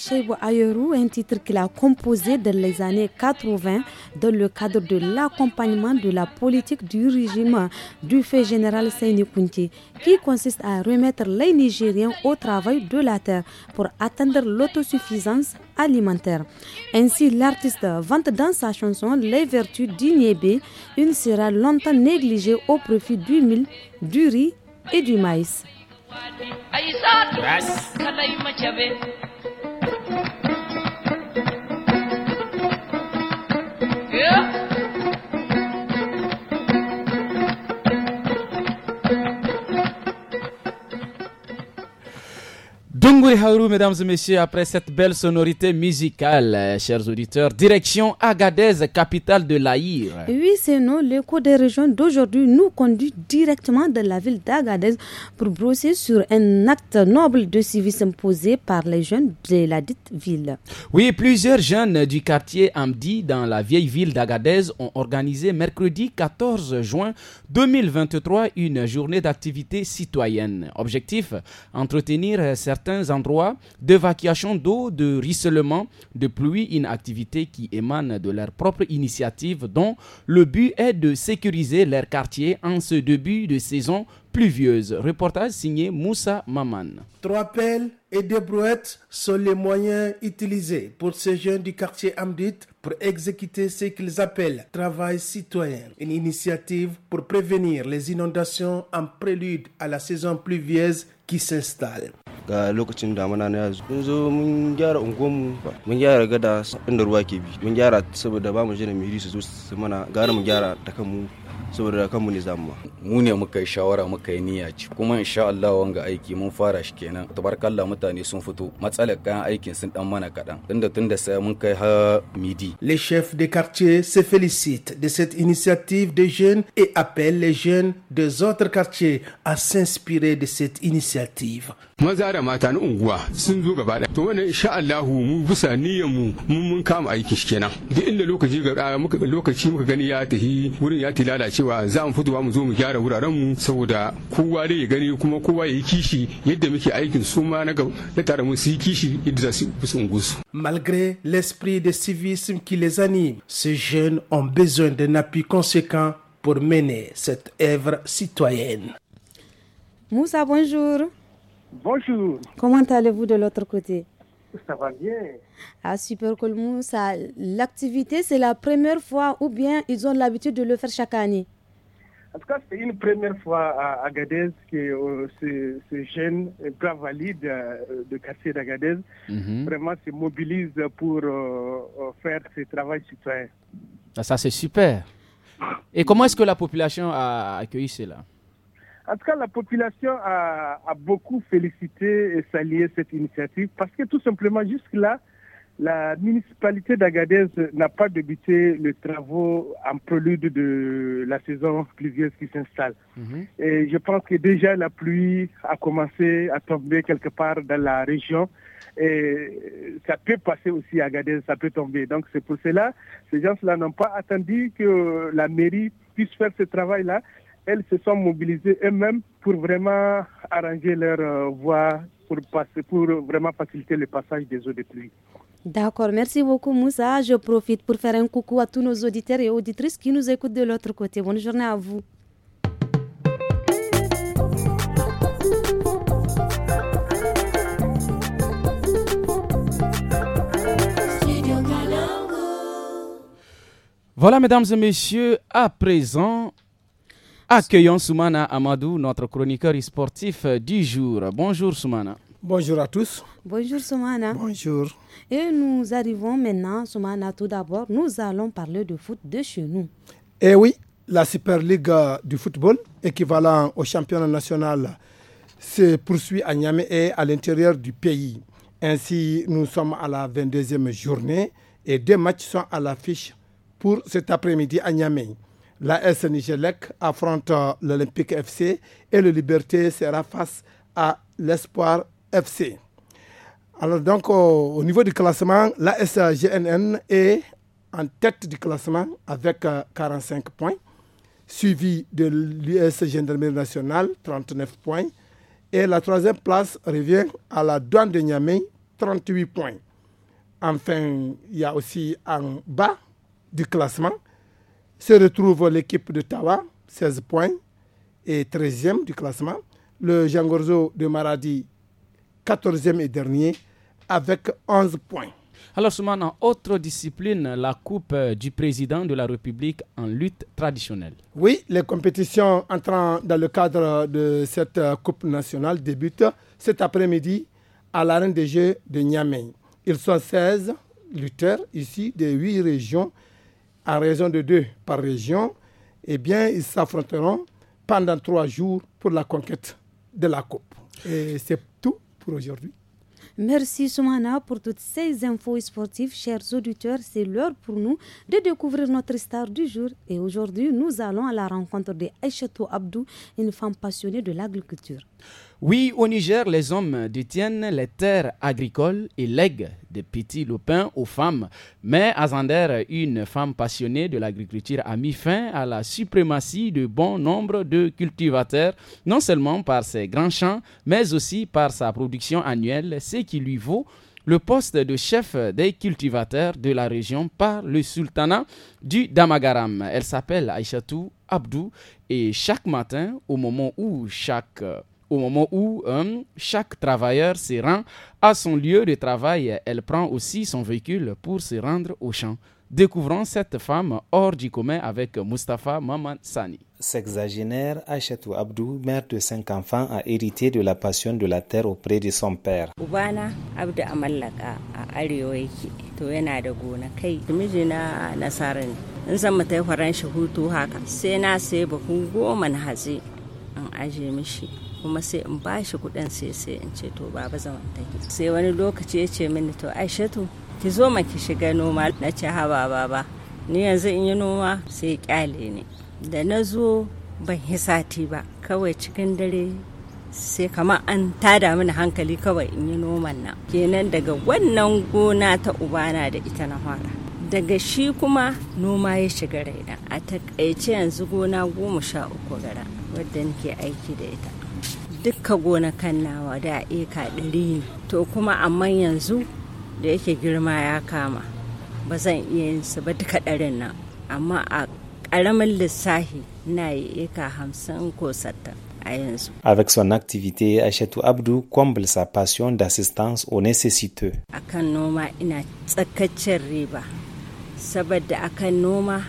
Chebou Ayoru, un titre qu'il a composé dans les années 80 dans le cadre de l'accompagnement de la politique du régime du fait général Seyni Kunti, qui consiste à remettre les Nigériens au travail de la terre pour atteindre l'autosuffisance alimentaire. Ainsi, l'artiste vante dans sa chanson les vertus du niébé une sera longtemps négligée au profit du mil, du riz et du maïs. Yeah? Oui, mesdames et messieurs, après cette belle sonorité musicale, euh, chers auditeurs, direction Agadez, capitale de l'Aïr. Oui, c'est nous. L'écho des régions d'aujourd'hui nous conduit directement de la ville d'Agadez pour brosser sur un acte noble de civisme imposé par les jeunes de la dite ville. Oui, plusieurs jeunes du quartier Amdi dans la vieille ville d'Agadez ont organisé mercredi 14 juin 2023 une journée d'activité citoyenne. Objectif entretenir certains endroits d'évacuation d'eau, de ruissellement, de pluie, une activité qui émane de leur propre initiative dont le but est de sécuriser leur quartier en ce début de saison pluvieuse. Reportage signé Moussa Maman. Trois pelles et deux brouettes sont les moyens utilisés pour ces jeunes du quartier Amdit pour exécuter ce qu'ils appellent travail citoyen, une initiative pour prévenir les inondations en prélude à la saison pluvieuse qui s'installe. ga lokacin damana na yanzu mun zo mun gyara unguwanmu mun gyara gada inda ruwa ke bi mun gyara saboda ba mu jira miri su zo su mana gara mu gyara da kanmu saboda kanmu ne zamu ma mu ne muka yi shawara muka yi niyya ci kuma insha Allah wanga aiki mun fara shi kenan tabarkalla mutane sun fito matsalar kayan aikin sun dan mana kadan tunda tunda sai mun kai ha midi Le chef de quartier se félicite de cette initiative des jeunes et appelle les jeunes des autres quartiers à s'inspirer de cette initiative maza da mata na unguwa sun zo gaba da to wannan insha Allah mu bisa niyyar mu mun kama aikin shi kenan duk inda lokaci ga muka lokaci muka gani ya tafi wurin ya tilalace Malgré l'esprit de civisme qui les anime, ces jeunes ont besoin d'un appui conséquent pour mener cette œuvre citoyenne. Moussa, bonjour. Bonjour. Comment allez-vous de l'autre côté Ça va bien. Ah, super cool, Moussa. L'activité, c'est la première fois ou bien ils ont l'habitude de le faire chaque année en tout cas, c'est une première fois à Agadez que euh, ce, ce, jeune grand valide euh, de quartier d'Agadez mhm. vraiment se mobilise pour euh, euh, faire ce travail citoyen. Ah, ça, c'est super. Et comment est-ce que la population a accueilli cela En tout cas, la population a, a beaucoup félicité et salué cette initiative parce que tout simplement, jusque-là, la municipalité d'Agadez n'a pas débuté les travaux en prélude de la saison pluvieuse qui s'installe. Mhm. Et je pense que déjà la pluie a commencé à tomber quelque part dans la région. Et ça peut passer aussi à Agadez, ça peut tomber. Donc c'est pour cela, ces gens-là n'ont pas attendu que la mairie puisse faire ce travail-là. Elles se sont mobilisées elles-mêmes pour vraiment arranger leur euh, voie pour, passer, pour vraiment faciliter le passage des eaux de pluie. D'accord, merci beaucoup Moussa. Je profite pour faire un coucou à tous nos auditeurs et auditrices qui nous écoutent de l'autre côté. Bonne journée à vous. Voilà, mesdames et messieurs, à présent, accueillons Soumana Amadou, notre chroniqueur sportif du jour. Bonjour Soumana. Bonjour à tous. Bonjour Soumana. Bonjour. Et nous arrivons maintenant, Soumana, tout d'abord, nous allons parler de foot de chez nous. Eh oui, la Super League euh, du football, équivalent au championnat national, se poursuit à Niamey et à l'intérieur du pays. Ainsi, nous sommes à la 22e journée et deux matchs sont à l'affiche pour cet après-midi à Niamey. La S affronte euh, l'Olympique FC et le Liberté sera face à l'espoir FC. Alors donc au, niveau du classement, la sagnn est en tête du classement avec 45 euh, points, suivi de l'US Gendarmerie nationale, 39 points. Et la troisième place revient à la douane de Niamey, 38 points. Enfin, il y a aussi en bas du classement, se retrouve l'équipe de Tawa, 16 points, et 13e du classement. Le Jangorzo de Maradi, 14e et dernier, avec 11 points. Alors, matin, autre discipline, la Coupe euh, du président de la République en lutte traditionnelle. Oui, les compétitions entrant dans le cadre de cette euh, Coupe nationale débutent cet après-midi à l'arène des Jeux de Niamey. Ils sont 16 lutteurs ici des 8 régions, à raison de 2 par région. Eh bien, ils s'affronteront pendant 3 jours pour la conquête de la Coupe. Et c'est aujourd'hui. Merci Soumana pour toutes ces infos sportives. Chers auditeurs, c'est l'heure pour nous de découvrir notre star du jour. Et aujourd'hui, nous allons à la rencontre de Abdou, une femme passionnée de l'agriculture. Oui, au Niger, les hommes détiennent les terres agricoles et lèguent des petits lopins aux femmes. Mais Azander, une femme passionnée de l'agriculture, a mis fin à la suprématie de bon nombre de cultivateurs, non seulement par ses grands champs, mais aussi par sa production annuelle, ce qui lui vaut le poste de chef des cultivateurs de la région par le sultanat du Damagaram. Elle s'appelle Aïchatou Abdou et chaque matin, au moment où chaque au moment où hein, chaque travailleur se rend à son lieu de travail, elle prend aussi son véhicule pour se rendre au champ. Découvrons cette femme hors du commun avec Mustapha Maman Sani. Sexagénaire Achetou Abdou, mère de cinq enfants, a hérité de la passion de la terre auprès de son père. to kuma sai in ba shi kuɗin sai sai in ce to baba zaman ke. sai wani lokaci ya ce mini to aishatu ki zo ma ki shiga noma na ce ha baba ba ni yanzu in yi noma sai kyale ne da na zo ban yi sati ba kawai cikin dare sai kamar an tada mini hankali kawai in yi noman nan kenan daga wannan gona ta ubana da ita na fara daga shi kuma noma ya shiga raina a takaice yanzu gona goma sha uku gara wadda nake aiki da ita gona gonakan nawa da eka ɗari ne to kuma amma yanzu da yake girma ya kama ba zan iya yin su ba duka ɗarin nan amma a ƙaramin lissahi na yi eka hamsin ko sattan Avec son activité, Achetou Abdou comble sa passion d'assistance aux nécessiteux. Akan noma ina tsakaccen riba, saboda akan noma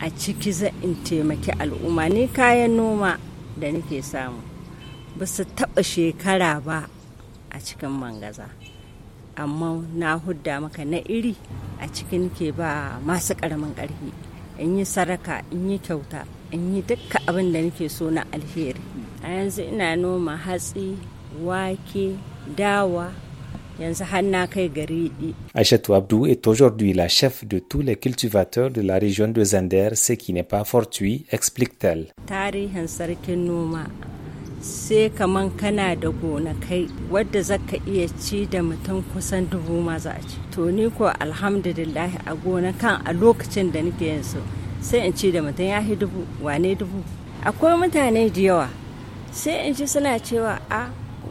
a ciki za in taimaki al'umma ni kayan noma da nake samu. ba su taɓa shekara ba a cikin mangaza amma na hudda maka na iri a cikin ke ba masu ƙaramin ƙarfi in yi saraka in yi kyauta in yi dukkan abin da nake so na alheri a yanzu ina noma hatsi wake dawa Achetou Abdou est aujourd'hui la chef de tous les cultivateurs de la région de Zander, ce qui n'est pas fortuit, explique-t-elle. sai kaman kana da gonakai wadda zaka iya ci da mutum kusan dubu ma za a ci to ni ko alhamdulillah a gonakan a lokacin da nake yanzu sai in ci da mutum ya fi dubu wane dubu akwai mutane da yawa sai in ci suna cewa a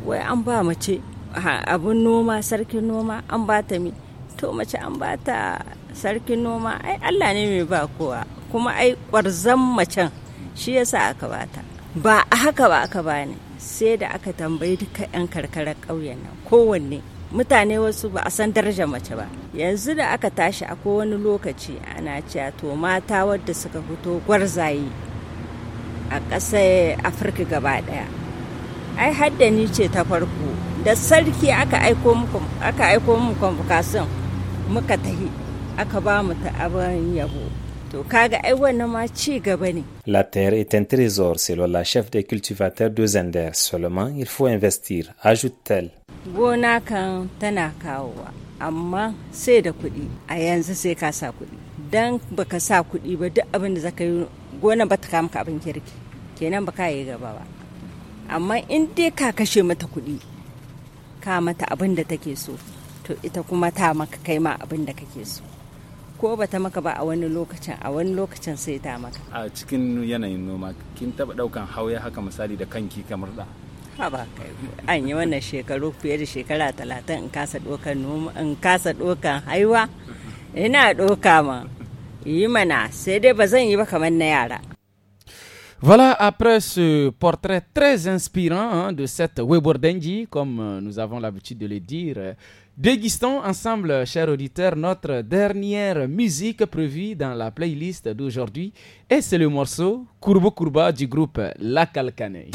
wai an ba mace abun noma sarkin noma an ba ta mi to mace an ba ta sarkin noma ai allah ne mai ba kowa kuma ai kwarzan macen shi yasa aka bata ba a haka ba aka bani sai da aka tambayi duka 'yan karkarar ƙauyen nan kowanne mutane wasu ba a san darajar mace ba yanzu da aka tashi a wani lokaci ana cewa to mata wadda suka fito gwarzaye a ƙasar afirka gaba ɗaya ai ni ce ta farko da sarki aka aiko mu kwamfukasin muka tahi aka ba mu ta abin yabo To kaga ai wannan ma ci gaba ne. La terre est un trésor selon la chef des cultivateurs de Zender. Seulement il faut investir, ajoute-t-elle. Gona kan tana kawowa, amma sai da kuɗi, a yanzu sai ka sa kuɗi. Dan baka sa kuɗi ba duk abin da zaka yi gona ba ta kama ka abin kirki. Kenan ba ka yi gaba ba. Amma in dai ka kashe mata kuɗi, ka mata abin da take so, to ita kuma ta maka kai ma abin da kake so. ko ba ta maka ba a wani lokacin a wani lokacin sai ta maka a cikin yanayin noma kin taba daukan hauya haka misali da kanki kamar da haba an yi wannan shekaru fiye da shekara talatin in kasa dokan noma in kasa dokan haiwa ina doka ma yi mana sai dai ba zan yi ba kamar na yara Voilà, après ce portrait très inspirant hein, de cette Webordenji, comme euh, nous avons l'habitude de le dire, Dégustons ensemble, chers auditeurs, notre dernière musique prévue dans la playlist d'aujourd'hui et c'est le morceau Kurbo Courbo-Courba » du groupe La Calcanée.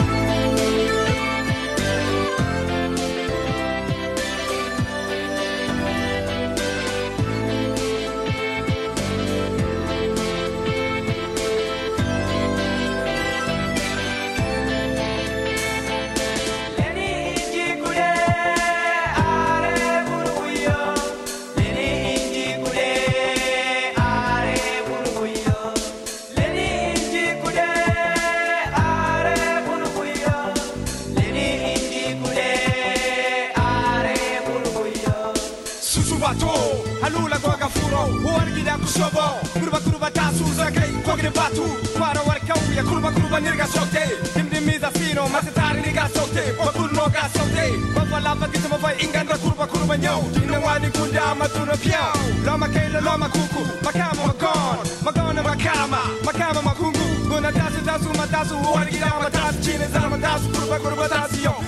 szobo kuruba kurwa czasu, zagraj kogry batu Parower kołuje, kuruba kuruba nirga szoty Tym tym mi za fino, masy tary nirga szoty Pokur noga szoty Bapa lapa gizmo vaj ingandra kurwa kurwa nyo Inna wani kunda matuna piao lama kela lama kuku Makama makon, magona makama Makama makungu Guna tasu tasu matasu wari gila matasu, chine zama matasu kuruba kuruba tasu yo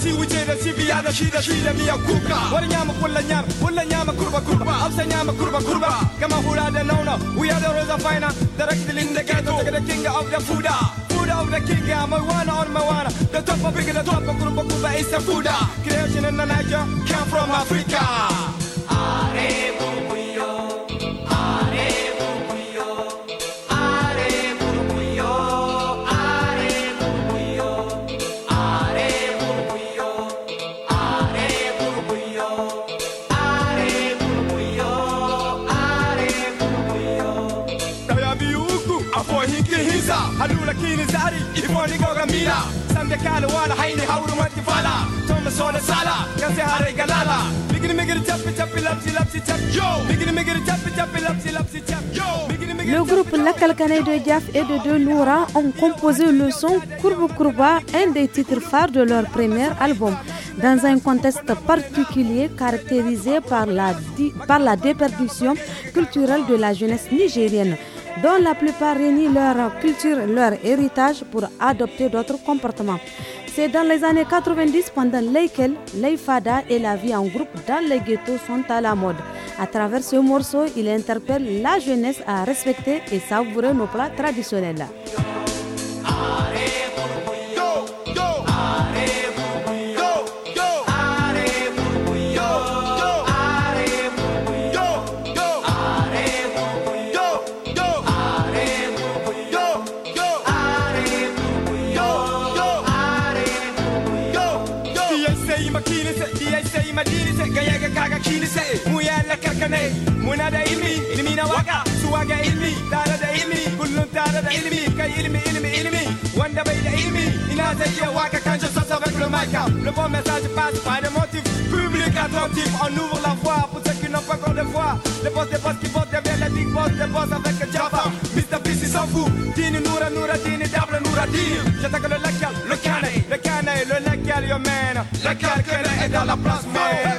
si wuce da si biya da shi da shi da miya kuka wani nyama kulla nyama kulla nyama kurba kurba afsa nyama kurba kurba gama hura da nauna we are the rosa fina directly in the ghetto the king of the fuda fuda of the king I'm a one on my one the top of big the top of kurba kurba is the fuda creation in the Niger came from Africa Arebo Le groupe Calcane de Diaf et de De ont composé le son Courbe Kurba », un des titres phares de leur premier album, dans un contexte particulier caractérisé par la, par la déperdition culturelle de la jeunesse nigérienne dont la plupart réunissent leur culture, leur héritage pour adopter d'autres comportements. C'est dans les années 90 pendant lesquelles les Fada et la vie en groupe dans les ghettos sont à la mode. À travers ce morceau, il interpelle la jeunesse à respecter et savourer nos plats traditionnels. swagger swagger ilmi tare da ilmi me, tare da ilmi kai ilmi ilmi ilmi wanda bai da ilmi ina zai iya waka quand je sors avec le mic le bon message passe par des motifs public attentif on ouvre la voie pour ceux qui n'ont pas encore de voix les boss des boss qui eh bossent, deviennent les big boss des boss avec Java Mr. Peace s'en fout Dini nura nura, Dini table nura, Dini j'attaque le lacal le canet le canet le lacal yo man le calcule est dans la place man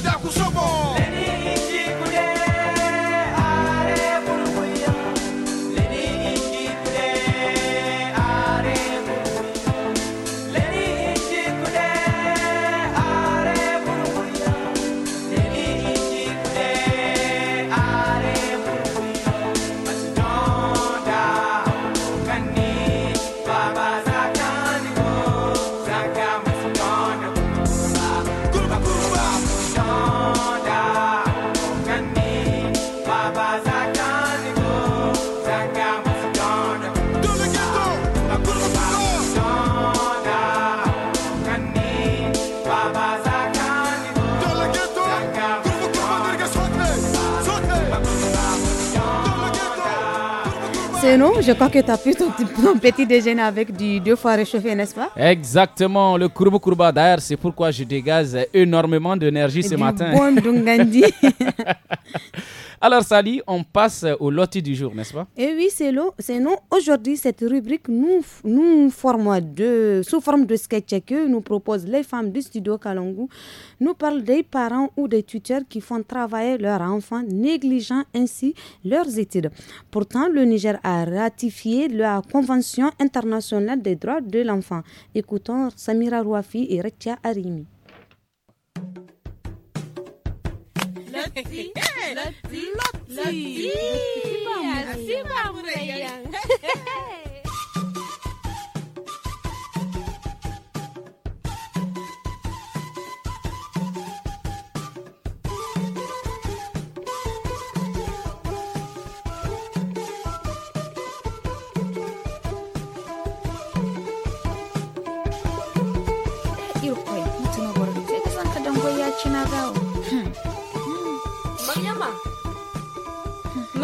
que com o som. je crois que tu as pu ton, petit déjeuner avec du deux fois réchauffé, n'est-ce pas Exactement, le kurubu kourba. D'ailleurs, c'est pourquoi je dégage énormément d'énergie ce matin. Alors, Sally, on passe au loti du jour, n'est-ce pas Eh oui, c'est nous. Aujourd'hui, cette rubrique nous, nous forme de, sous forme de sketch que nous proposent les femmes du studio Kalangu. Nous parle des parents ou des tuteurs qui font travailler leurs enfants, négligeant ainsi leurs études. Pourtant, le Niger a ratifié la Convention internationale des droits de l'enfant. Écoutons Samira Rouafi et Rekia Arimi. Eh, Lati. Lati. Lati. Lati. Lati. Lati. Lati.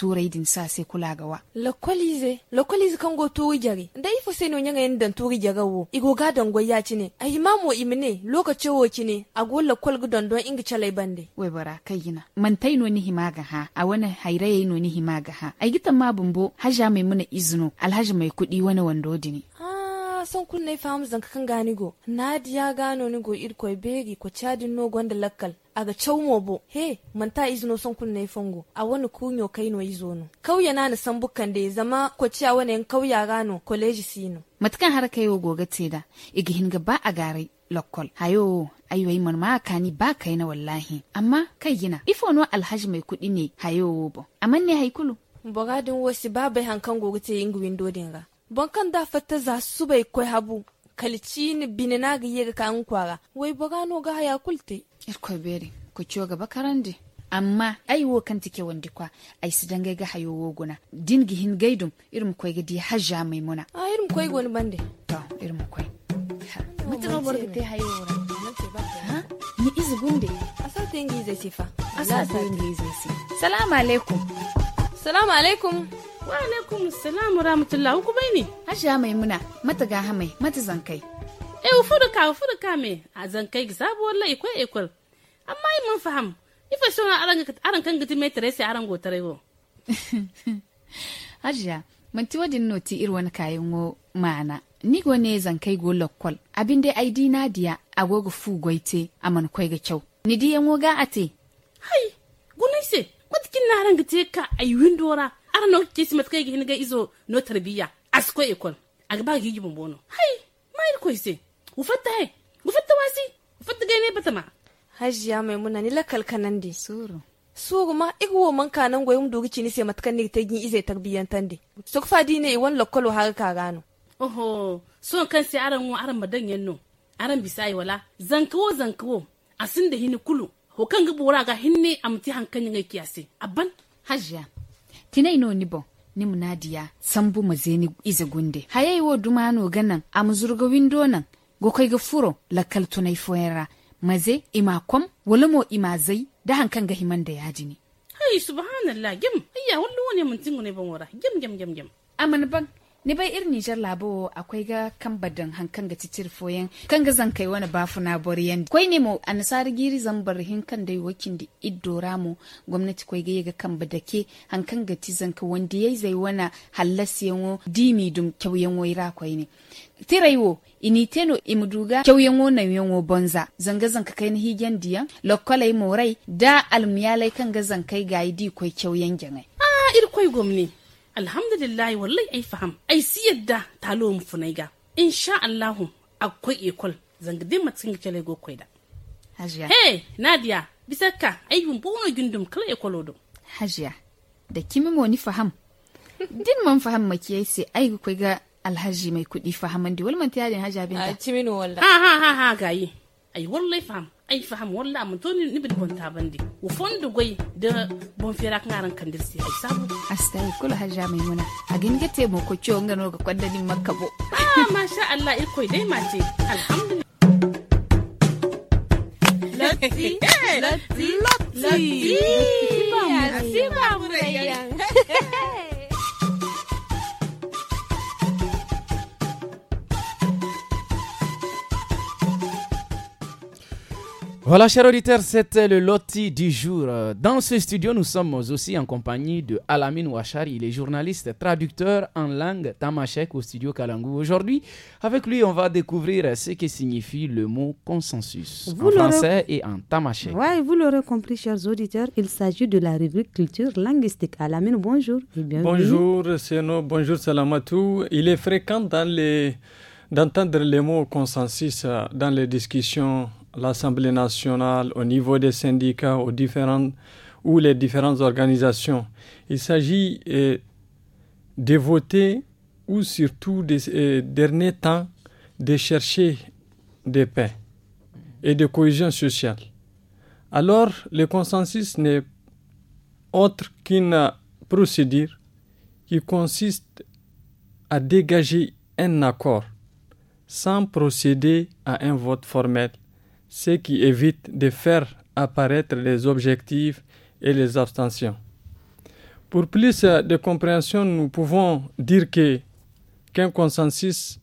turai din sa sai kula ga wa. lokolize lokolize kan go turi jare da ifo sai no nyanga yin dan turi jare wo igo ga dan ci ne a mamo imine lokacin wo ki ne a go lokol gudon don inga chalai bande we bara kai gina man tai ni hima ga ha a wani hairaye no ni ga ha ai gitan ma bumbo haja mai muna izino alhaji mai kudi wani wando dini son kunne famu zanka kan gani go nadi ya gano ni go irkoi beri ko chadin no gonda lakkal a ga aga mo bo he manta izino son kunne fongo a wani kunyo kai kaino no. kauya na san bukkan da zama ciya wani kauya gano koleji sino matkan har kayo goga teda igihin ba a gare lokol hayo aiwai man ma kani ba kai na wallahi amma kai gina ifo no alhaji mai kudi ne hayo bo amman ne haikulu bogadin wasi babai hankan gogote yin ingu windo dinga bankan da fata za su bai koi habu kalcin binina ga yega kan kwara wai bogano ga haya kulte irko beri ko ciwo gaba amma ai wo kan tike wandi kwa ai su dangai ga hayo woguna din gihin gaidum irin koi ga di hajja maimuna a irin koi gon bande to irin koi mutuma borga te hayo wora ha ni izgunde? asa tengi zai sifa asa tengi zai si salamu alaikum Salamu alaikum. Wa alaikum salamu rahmatullah ku bai ne. Hajiya Maimuna mataga hamai mata zankai. Eh furuka furuka me a zankai ga sabuwar lai kwai ekwal. Eh, Amma yi mun faham. Ifa suna aran kan gidi mai tare sai aran tare go. Hajiya mun ti wadin noti ir wani kayan wo ma'ana. Ni go ne zankai go lokkol. Abin dai ID na diya agogo fu goite aman kwai ga kyau. Ni diyan wo ga ate. Hai gunai se. kutkin na ga te ka ay windora ar no kisi mat kai ga izo no tarbiya asko ekol aga ba gi bon bono hay mai ko ise u fatta he u fatta wasi u fatta ga ne batama hajiya muna ni la kalkanan de suru suru ma igwo man kanan goyum dogi ni se matkan ni ta gin ize tarbiyantan de sok fadi ne wan lokkolo har ka gano oho so kan se aran mu aran madan yanno aran bisai wala zankawo zankawo asin da hini kulu hokan kan ga bora ga hinne amti hankan ngai kiyase abban hajiya tinai no ni bon ni munadiya sambu mazeni ize gunde hayai wo dumano ganan amzurga windo nan go kai ga furo lakal tunai foyara maze ima kwam walamo ima zai da hankan ga himan da yaji ne hai subhanallah gem ayya wallo ne mun tingune ban wara gem gem gem gem aman ban ni bai ir nijar labo akwai ga kambadan hankan ga titir foyen kan ga zan kai wani bafu na boriyan kwai ne mu a nasar giri zan bar hinkan da wakin da iddo ramu gwamnati kwai ga ga kan badake hankan ga tizan ka wanda yayi zai wana hallas yanwo dimi dum kyauyen waira kwai ne tiraiwo ini teno imuduga kyauyen wo na yanwo bonza zanga zanka kai ni higen diyan lokkolai morai da almiyalai kan ga zan kai ga idi kwai kyauyen gyanai ah ir kwai gwamnati alhamdulillahi wallai ai faham ai si yadda talo mu funaiga insha Allahu akwai ekol zanga dai matsin kele go koida hajiya hey nadia bisakka ai bun bono gundum kala ekolodo hajiya da kimi ni faham din man faham makiyai sai ai kwai ga alhaji mai kudi fahaman di walman tiyadin hajiya binta a cimino wallahi ha ha ha ha gayi ai wallai faham ay faham wala am to ni bil bonta bande wo fondo goy de bon fera ngaran kandir si ay sabu astai kula haja mai muna a gin gete mo ko ciwo ngano ga kwanda ni makka bo ah masha Allah irkoi dai mace alhamdulillah Lati, lati, lati, ba mu lati, mu lati, Voilà, chers auditeurs, c'était le loti du jour. Dans ce studio, nous sommes aussi en compagnie de Alamine Ouachari. Il est journaliste, traducteur en langue tamashek au studio Kalangou. Aujourd'hui, avec lui, on va découvrir ce que signifie le mot consensus en français et en tamashek. Oui, vous l'aurez compris, chers auditeurs, il s'agit de la rubrique culture linguistique. Alamine, bonjour et bienvenue. Bonjour, Bonjour, Salamatou. Il est fréquent d'entendre les mots consensus euh, dans les discussions l'Assemblée nationale, au niveau des syndicats, aux différentes ou les différentes organisations. Il s'agit euh, de voter ou surtout des euh, derniers temps de chercher des paix et de cohésion sociale. Alors, le consensus n'est autre qu'une procédure qui consiste à dégager un accord sans procéder à un vote formel ce qui évite de faire apparaître les objectifs et les abstentions. Pour plus de compréhension, nous pouvons dire que qu'un consensus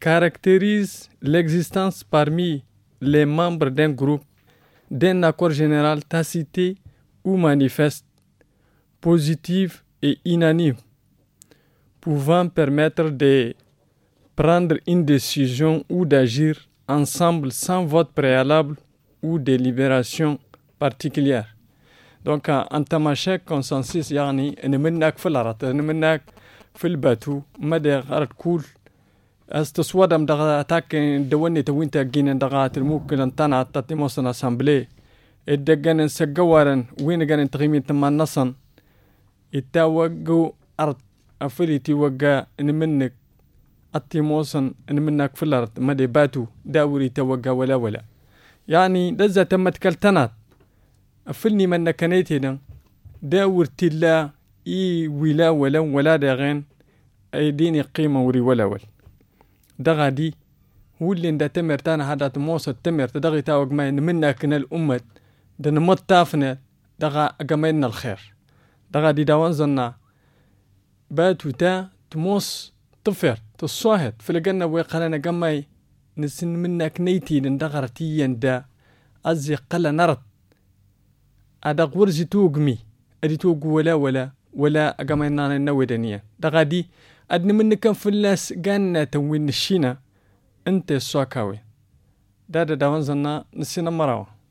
caractérise l'existence parmi les membres d'un groupe d'un accord général tacité ou manifeste, positif et inanime, pouvant permettre de prendre une décision ou d'agir ensemble sans vote préalable ou délibération particulière. Donc euh, en tamashek consensus yani ne minnak fil ne en minnak fil batu made arat kul astaswadam daga attaque eh, dawani tawinta ginen daga tatimos eh, an tana tatimosan assemblée edaganen sagawaran winaganen mannasan et tawagu art afiliti waga ne minnak موصن إن منك في الأرض مدي باتو داوري توقع ولا ولا يعني دزا تمت كالتنات أفلني من دا داور تلا إي ولا ولا ولا داغين ديني قيمة وري ولا ولا دا غادي هو اللي دا تمر تانا هذا تموسى تمر تدغي تاوق ما منك كنا الأمة دن تافنا دغا أقمينا الخير دا غادي دوان زنا باتو تا تموس طفرت تصاهد في فلقنا ويقلنا قمي نسن منك نيتي ندغر تيين دا أزي قل نرد أدق ورز توقمي أدي توق ولا ولا ولا أقام نانا نوي دنيا دا أدن منك في الناس جنة وين الشينا أنت الصاكاوي دا دا دا وانزلنا نسينا مراوه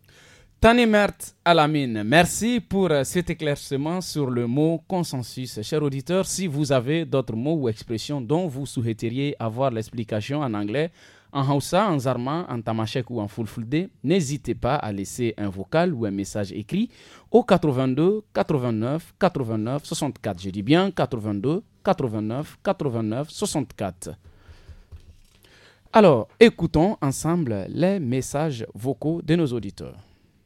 Tanemert Alamine, merci pour euh, cet éclaircissement sur le mot consensus. Chers auditeurs, si vous avez d'autres mots ou expressions dont vous souhaiteriez avoir l'explication en anglais, en Hausa, en Zarma, en Tamashek ou en Fulfulde, n'hésitez pas à laisser un vocal ou un message écrit au 82 89 89 64. Je dis bien 82 89 89 64. Alors, écoutons ensemble les messages vocaux de nos auditeurs.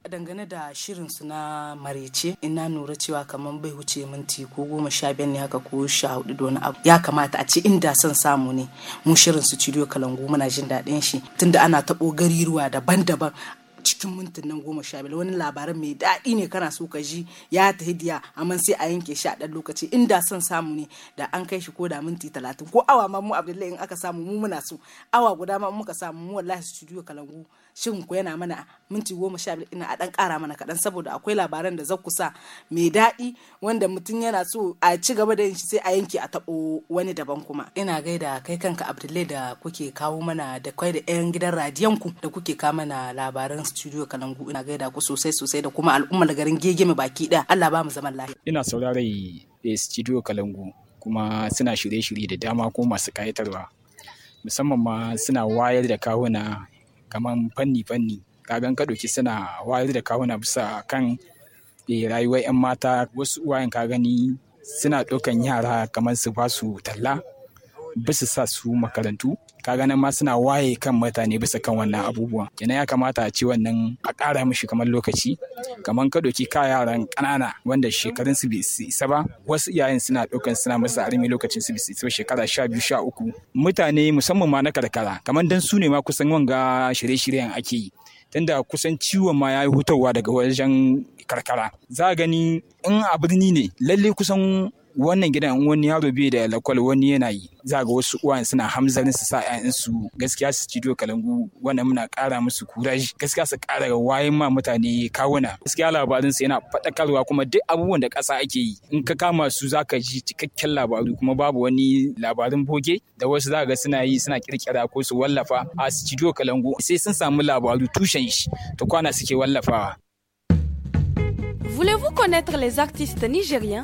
dangane da shirin su na marece ina nura cewa kamar bai wuce minti ko goma sha biyar ne haka ko sha hudu da wani abu ya kamata a ce inda son samu ne mu shirin su cidiyo kalangu muna jin daɗin shi tunda ana taɓo ruwa daban-daban cikin mintin nan goma sha biyar wani labaran mai daɗi ne kana so ka ji ya ta hidiya amma sai a yanke shi a ɗan lokaci inda son samu ne da an kai shi ko da minti talatin ko awa ma mu abdullahi in aka samu mu muna so awa guda ma muka samu mu wallahi studio kalangu shin ku yana mana minti goma sha biyar ina a dan kara mana kaɗan saboda akwai labaran da za ku sa mai daɗi wanda mutum yana so a ci gaba da shi sai a yanke a taɓo wani daban kuma ina gaida kai kanka abdullahi da kuke kawo mana da kai da yan gidan radiyon ku da kuke kawo mana labaran studio kalangu ina gaida ku sosai sosai da kuma al'ummar garin gegeme baki ɗaya Allah ba mu zaman lafiya ina saurare eh, studio kalangu kuma suna shirye-shirye da dama ko masu kayatarwa musamman ma suna wayar da kawuna kamar fanni-fanni. kagan ka ɗauki suna wayar da kawuna bisa kan eh, rayuwar 'yan mata. Wasu uwayen ka gani suna ɗaukan yara kamar su basu talla, ba sa su makarantu. kaga nan ma suna waye kan mutane bisa kan wannan abubuwa. kenan ya kamata a ci wannan a ƙara mishi kamar lokaci kamar ka doki ka yaran ƙanana wanda shekarun su bai isa ba wasu iyayen suna ɗaukan suna masa arimi lokacin su bai isa shekara sha biyu sha uku mutane musamman ma na karkara kamar dan su ne ma kusan wanga shirye-shiryen ake yi tunda kusan ciwon ma ya yi hutawa daga wajen karkara za gani in a birni ne lalle kusan wannan gidan in wani yaro bai da lakwal wani yana yi za ga wasu uwan suna hamzarin su sa su gaskiya su ci kalangu wannan muna ƙara musu kuraji gaskiya su ƙara wayan ma mutane kawuna gaskiya labarin su yana faɗakarwa kuma duk abubuwan da ƙasa ake yi in ka kama su za ka ji cikakken labaru kuma babu wani labarin boge da wasu za ga suna yi suna kirkira ko su wallafa a su ci kalangu sai sun samu labaru tushen shi ta kwana suke wallafawa Voulez-vous connaître les artistes nigériens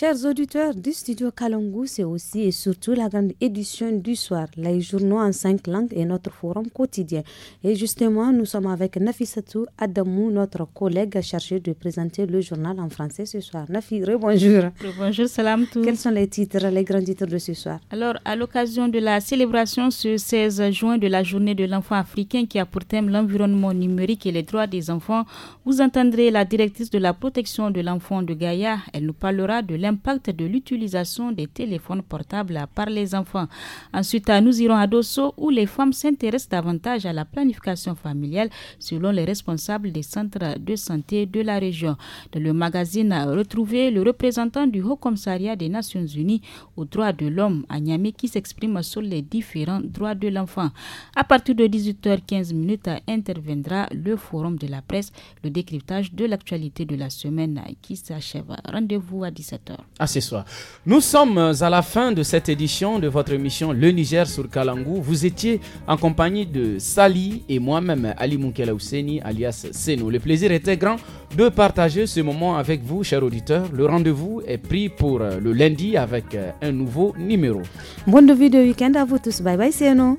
Chers auditeurs du studio Kalangu, c'est aussi et surtout la grande édition du soir, les journaux en cinq langues et notre forum quotidien. Et justement, nous sommes avec Nafisatou Adamou, notre collègue chargé de présenter le journal en français ce soir. Nafi, bonjour. Bonjour, salam tout. Quels sont les titres, les grands titres de ce soir Alors, à l'occasion de la célébration ce 16 juin de la journée de l'enfant africain qui a pour thème l'environnement numérique et les droits des enfants, vous entendrez la directrice de la protection de l'enfant de Gaïa. Elle nous parlera de l impact de l'utilisation des téléphones portables par les enfants. Ensuite, nous irons à Dosso où les femmes s'intéressent davantage à la planification familiale selon les responsables des centres de santé de la région. Dans le magazine a retrouvé le représentant du Haut Commissariat des Nations Unies aux droits de l'homme à Niamey qui s'exprime sur les différents droits de l'enfant. À partir de 18h15 interviendra le forum de la presse, le décryptage de l'actualité de la semaine qui s'achève. Rendez-vous à 17h. À ah, soir. Nous sommes à la fin de cette édition de votre émission Le Niger sur Kalangou. Vous étiez en compagnie de Sali et moi-même, Ali Moukela Ouseni, alias Seno. Le plaisir était grand de partager ce moment avec vous, chers auditeurs. Le rendez-vous est pris pour euh, le lundi avec euh, un nouveau numéro. Bonne vie de week-end à vous tous. Bye bye, Seno.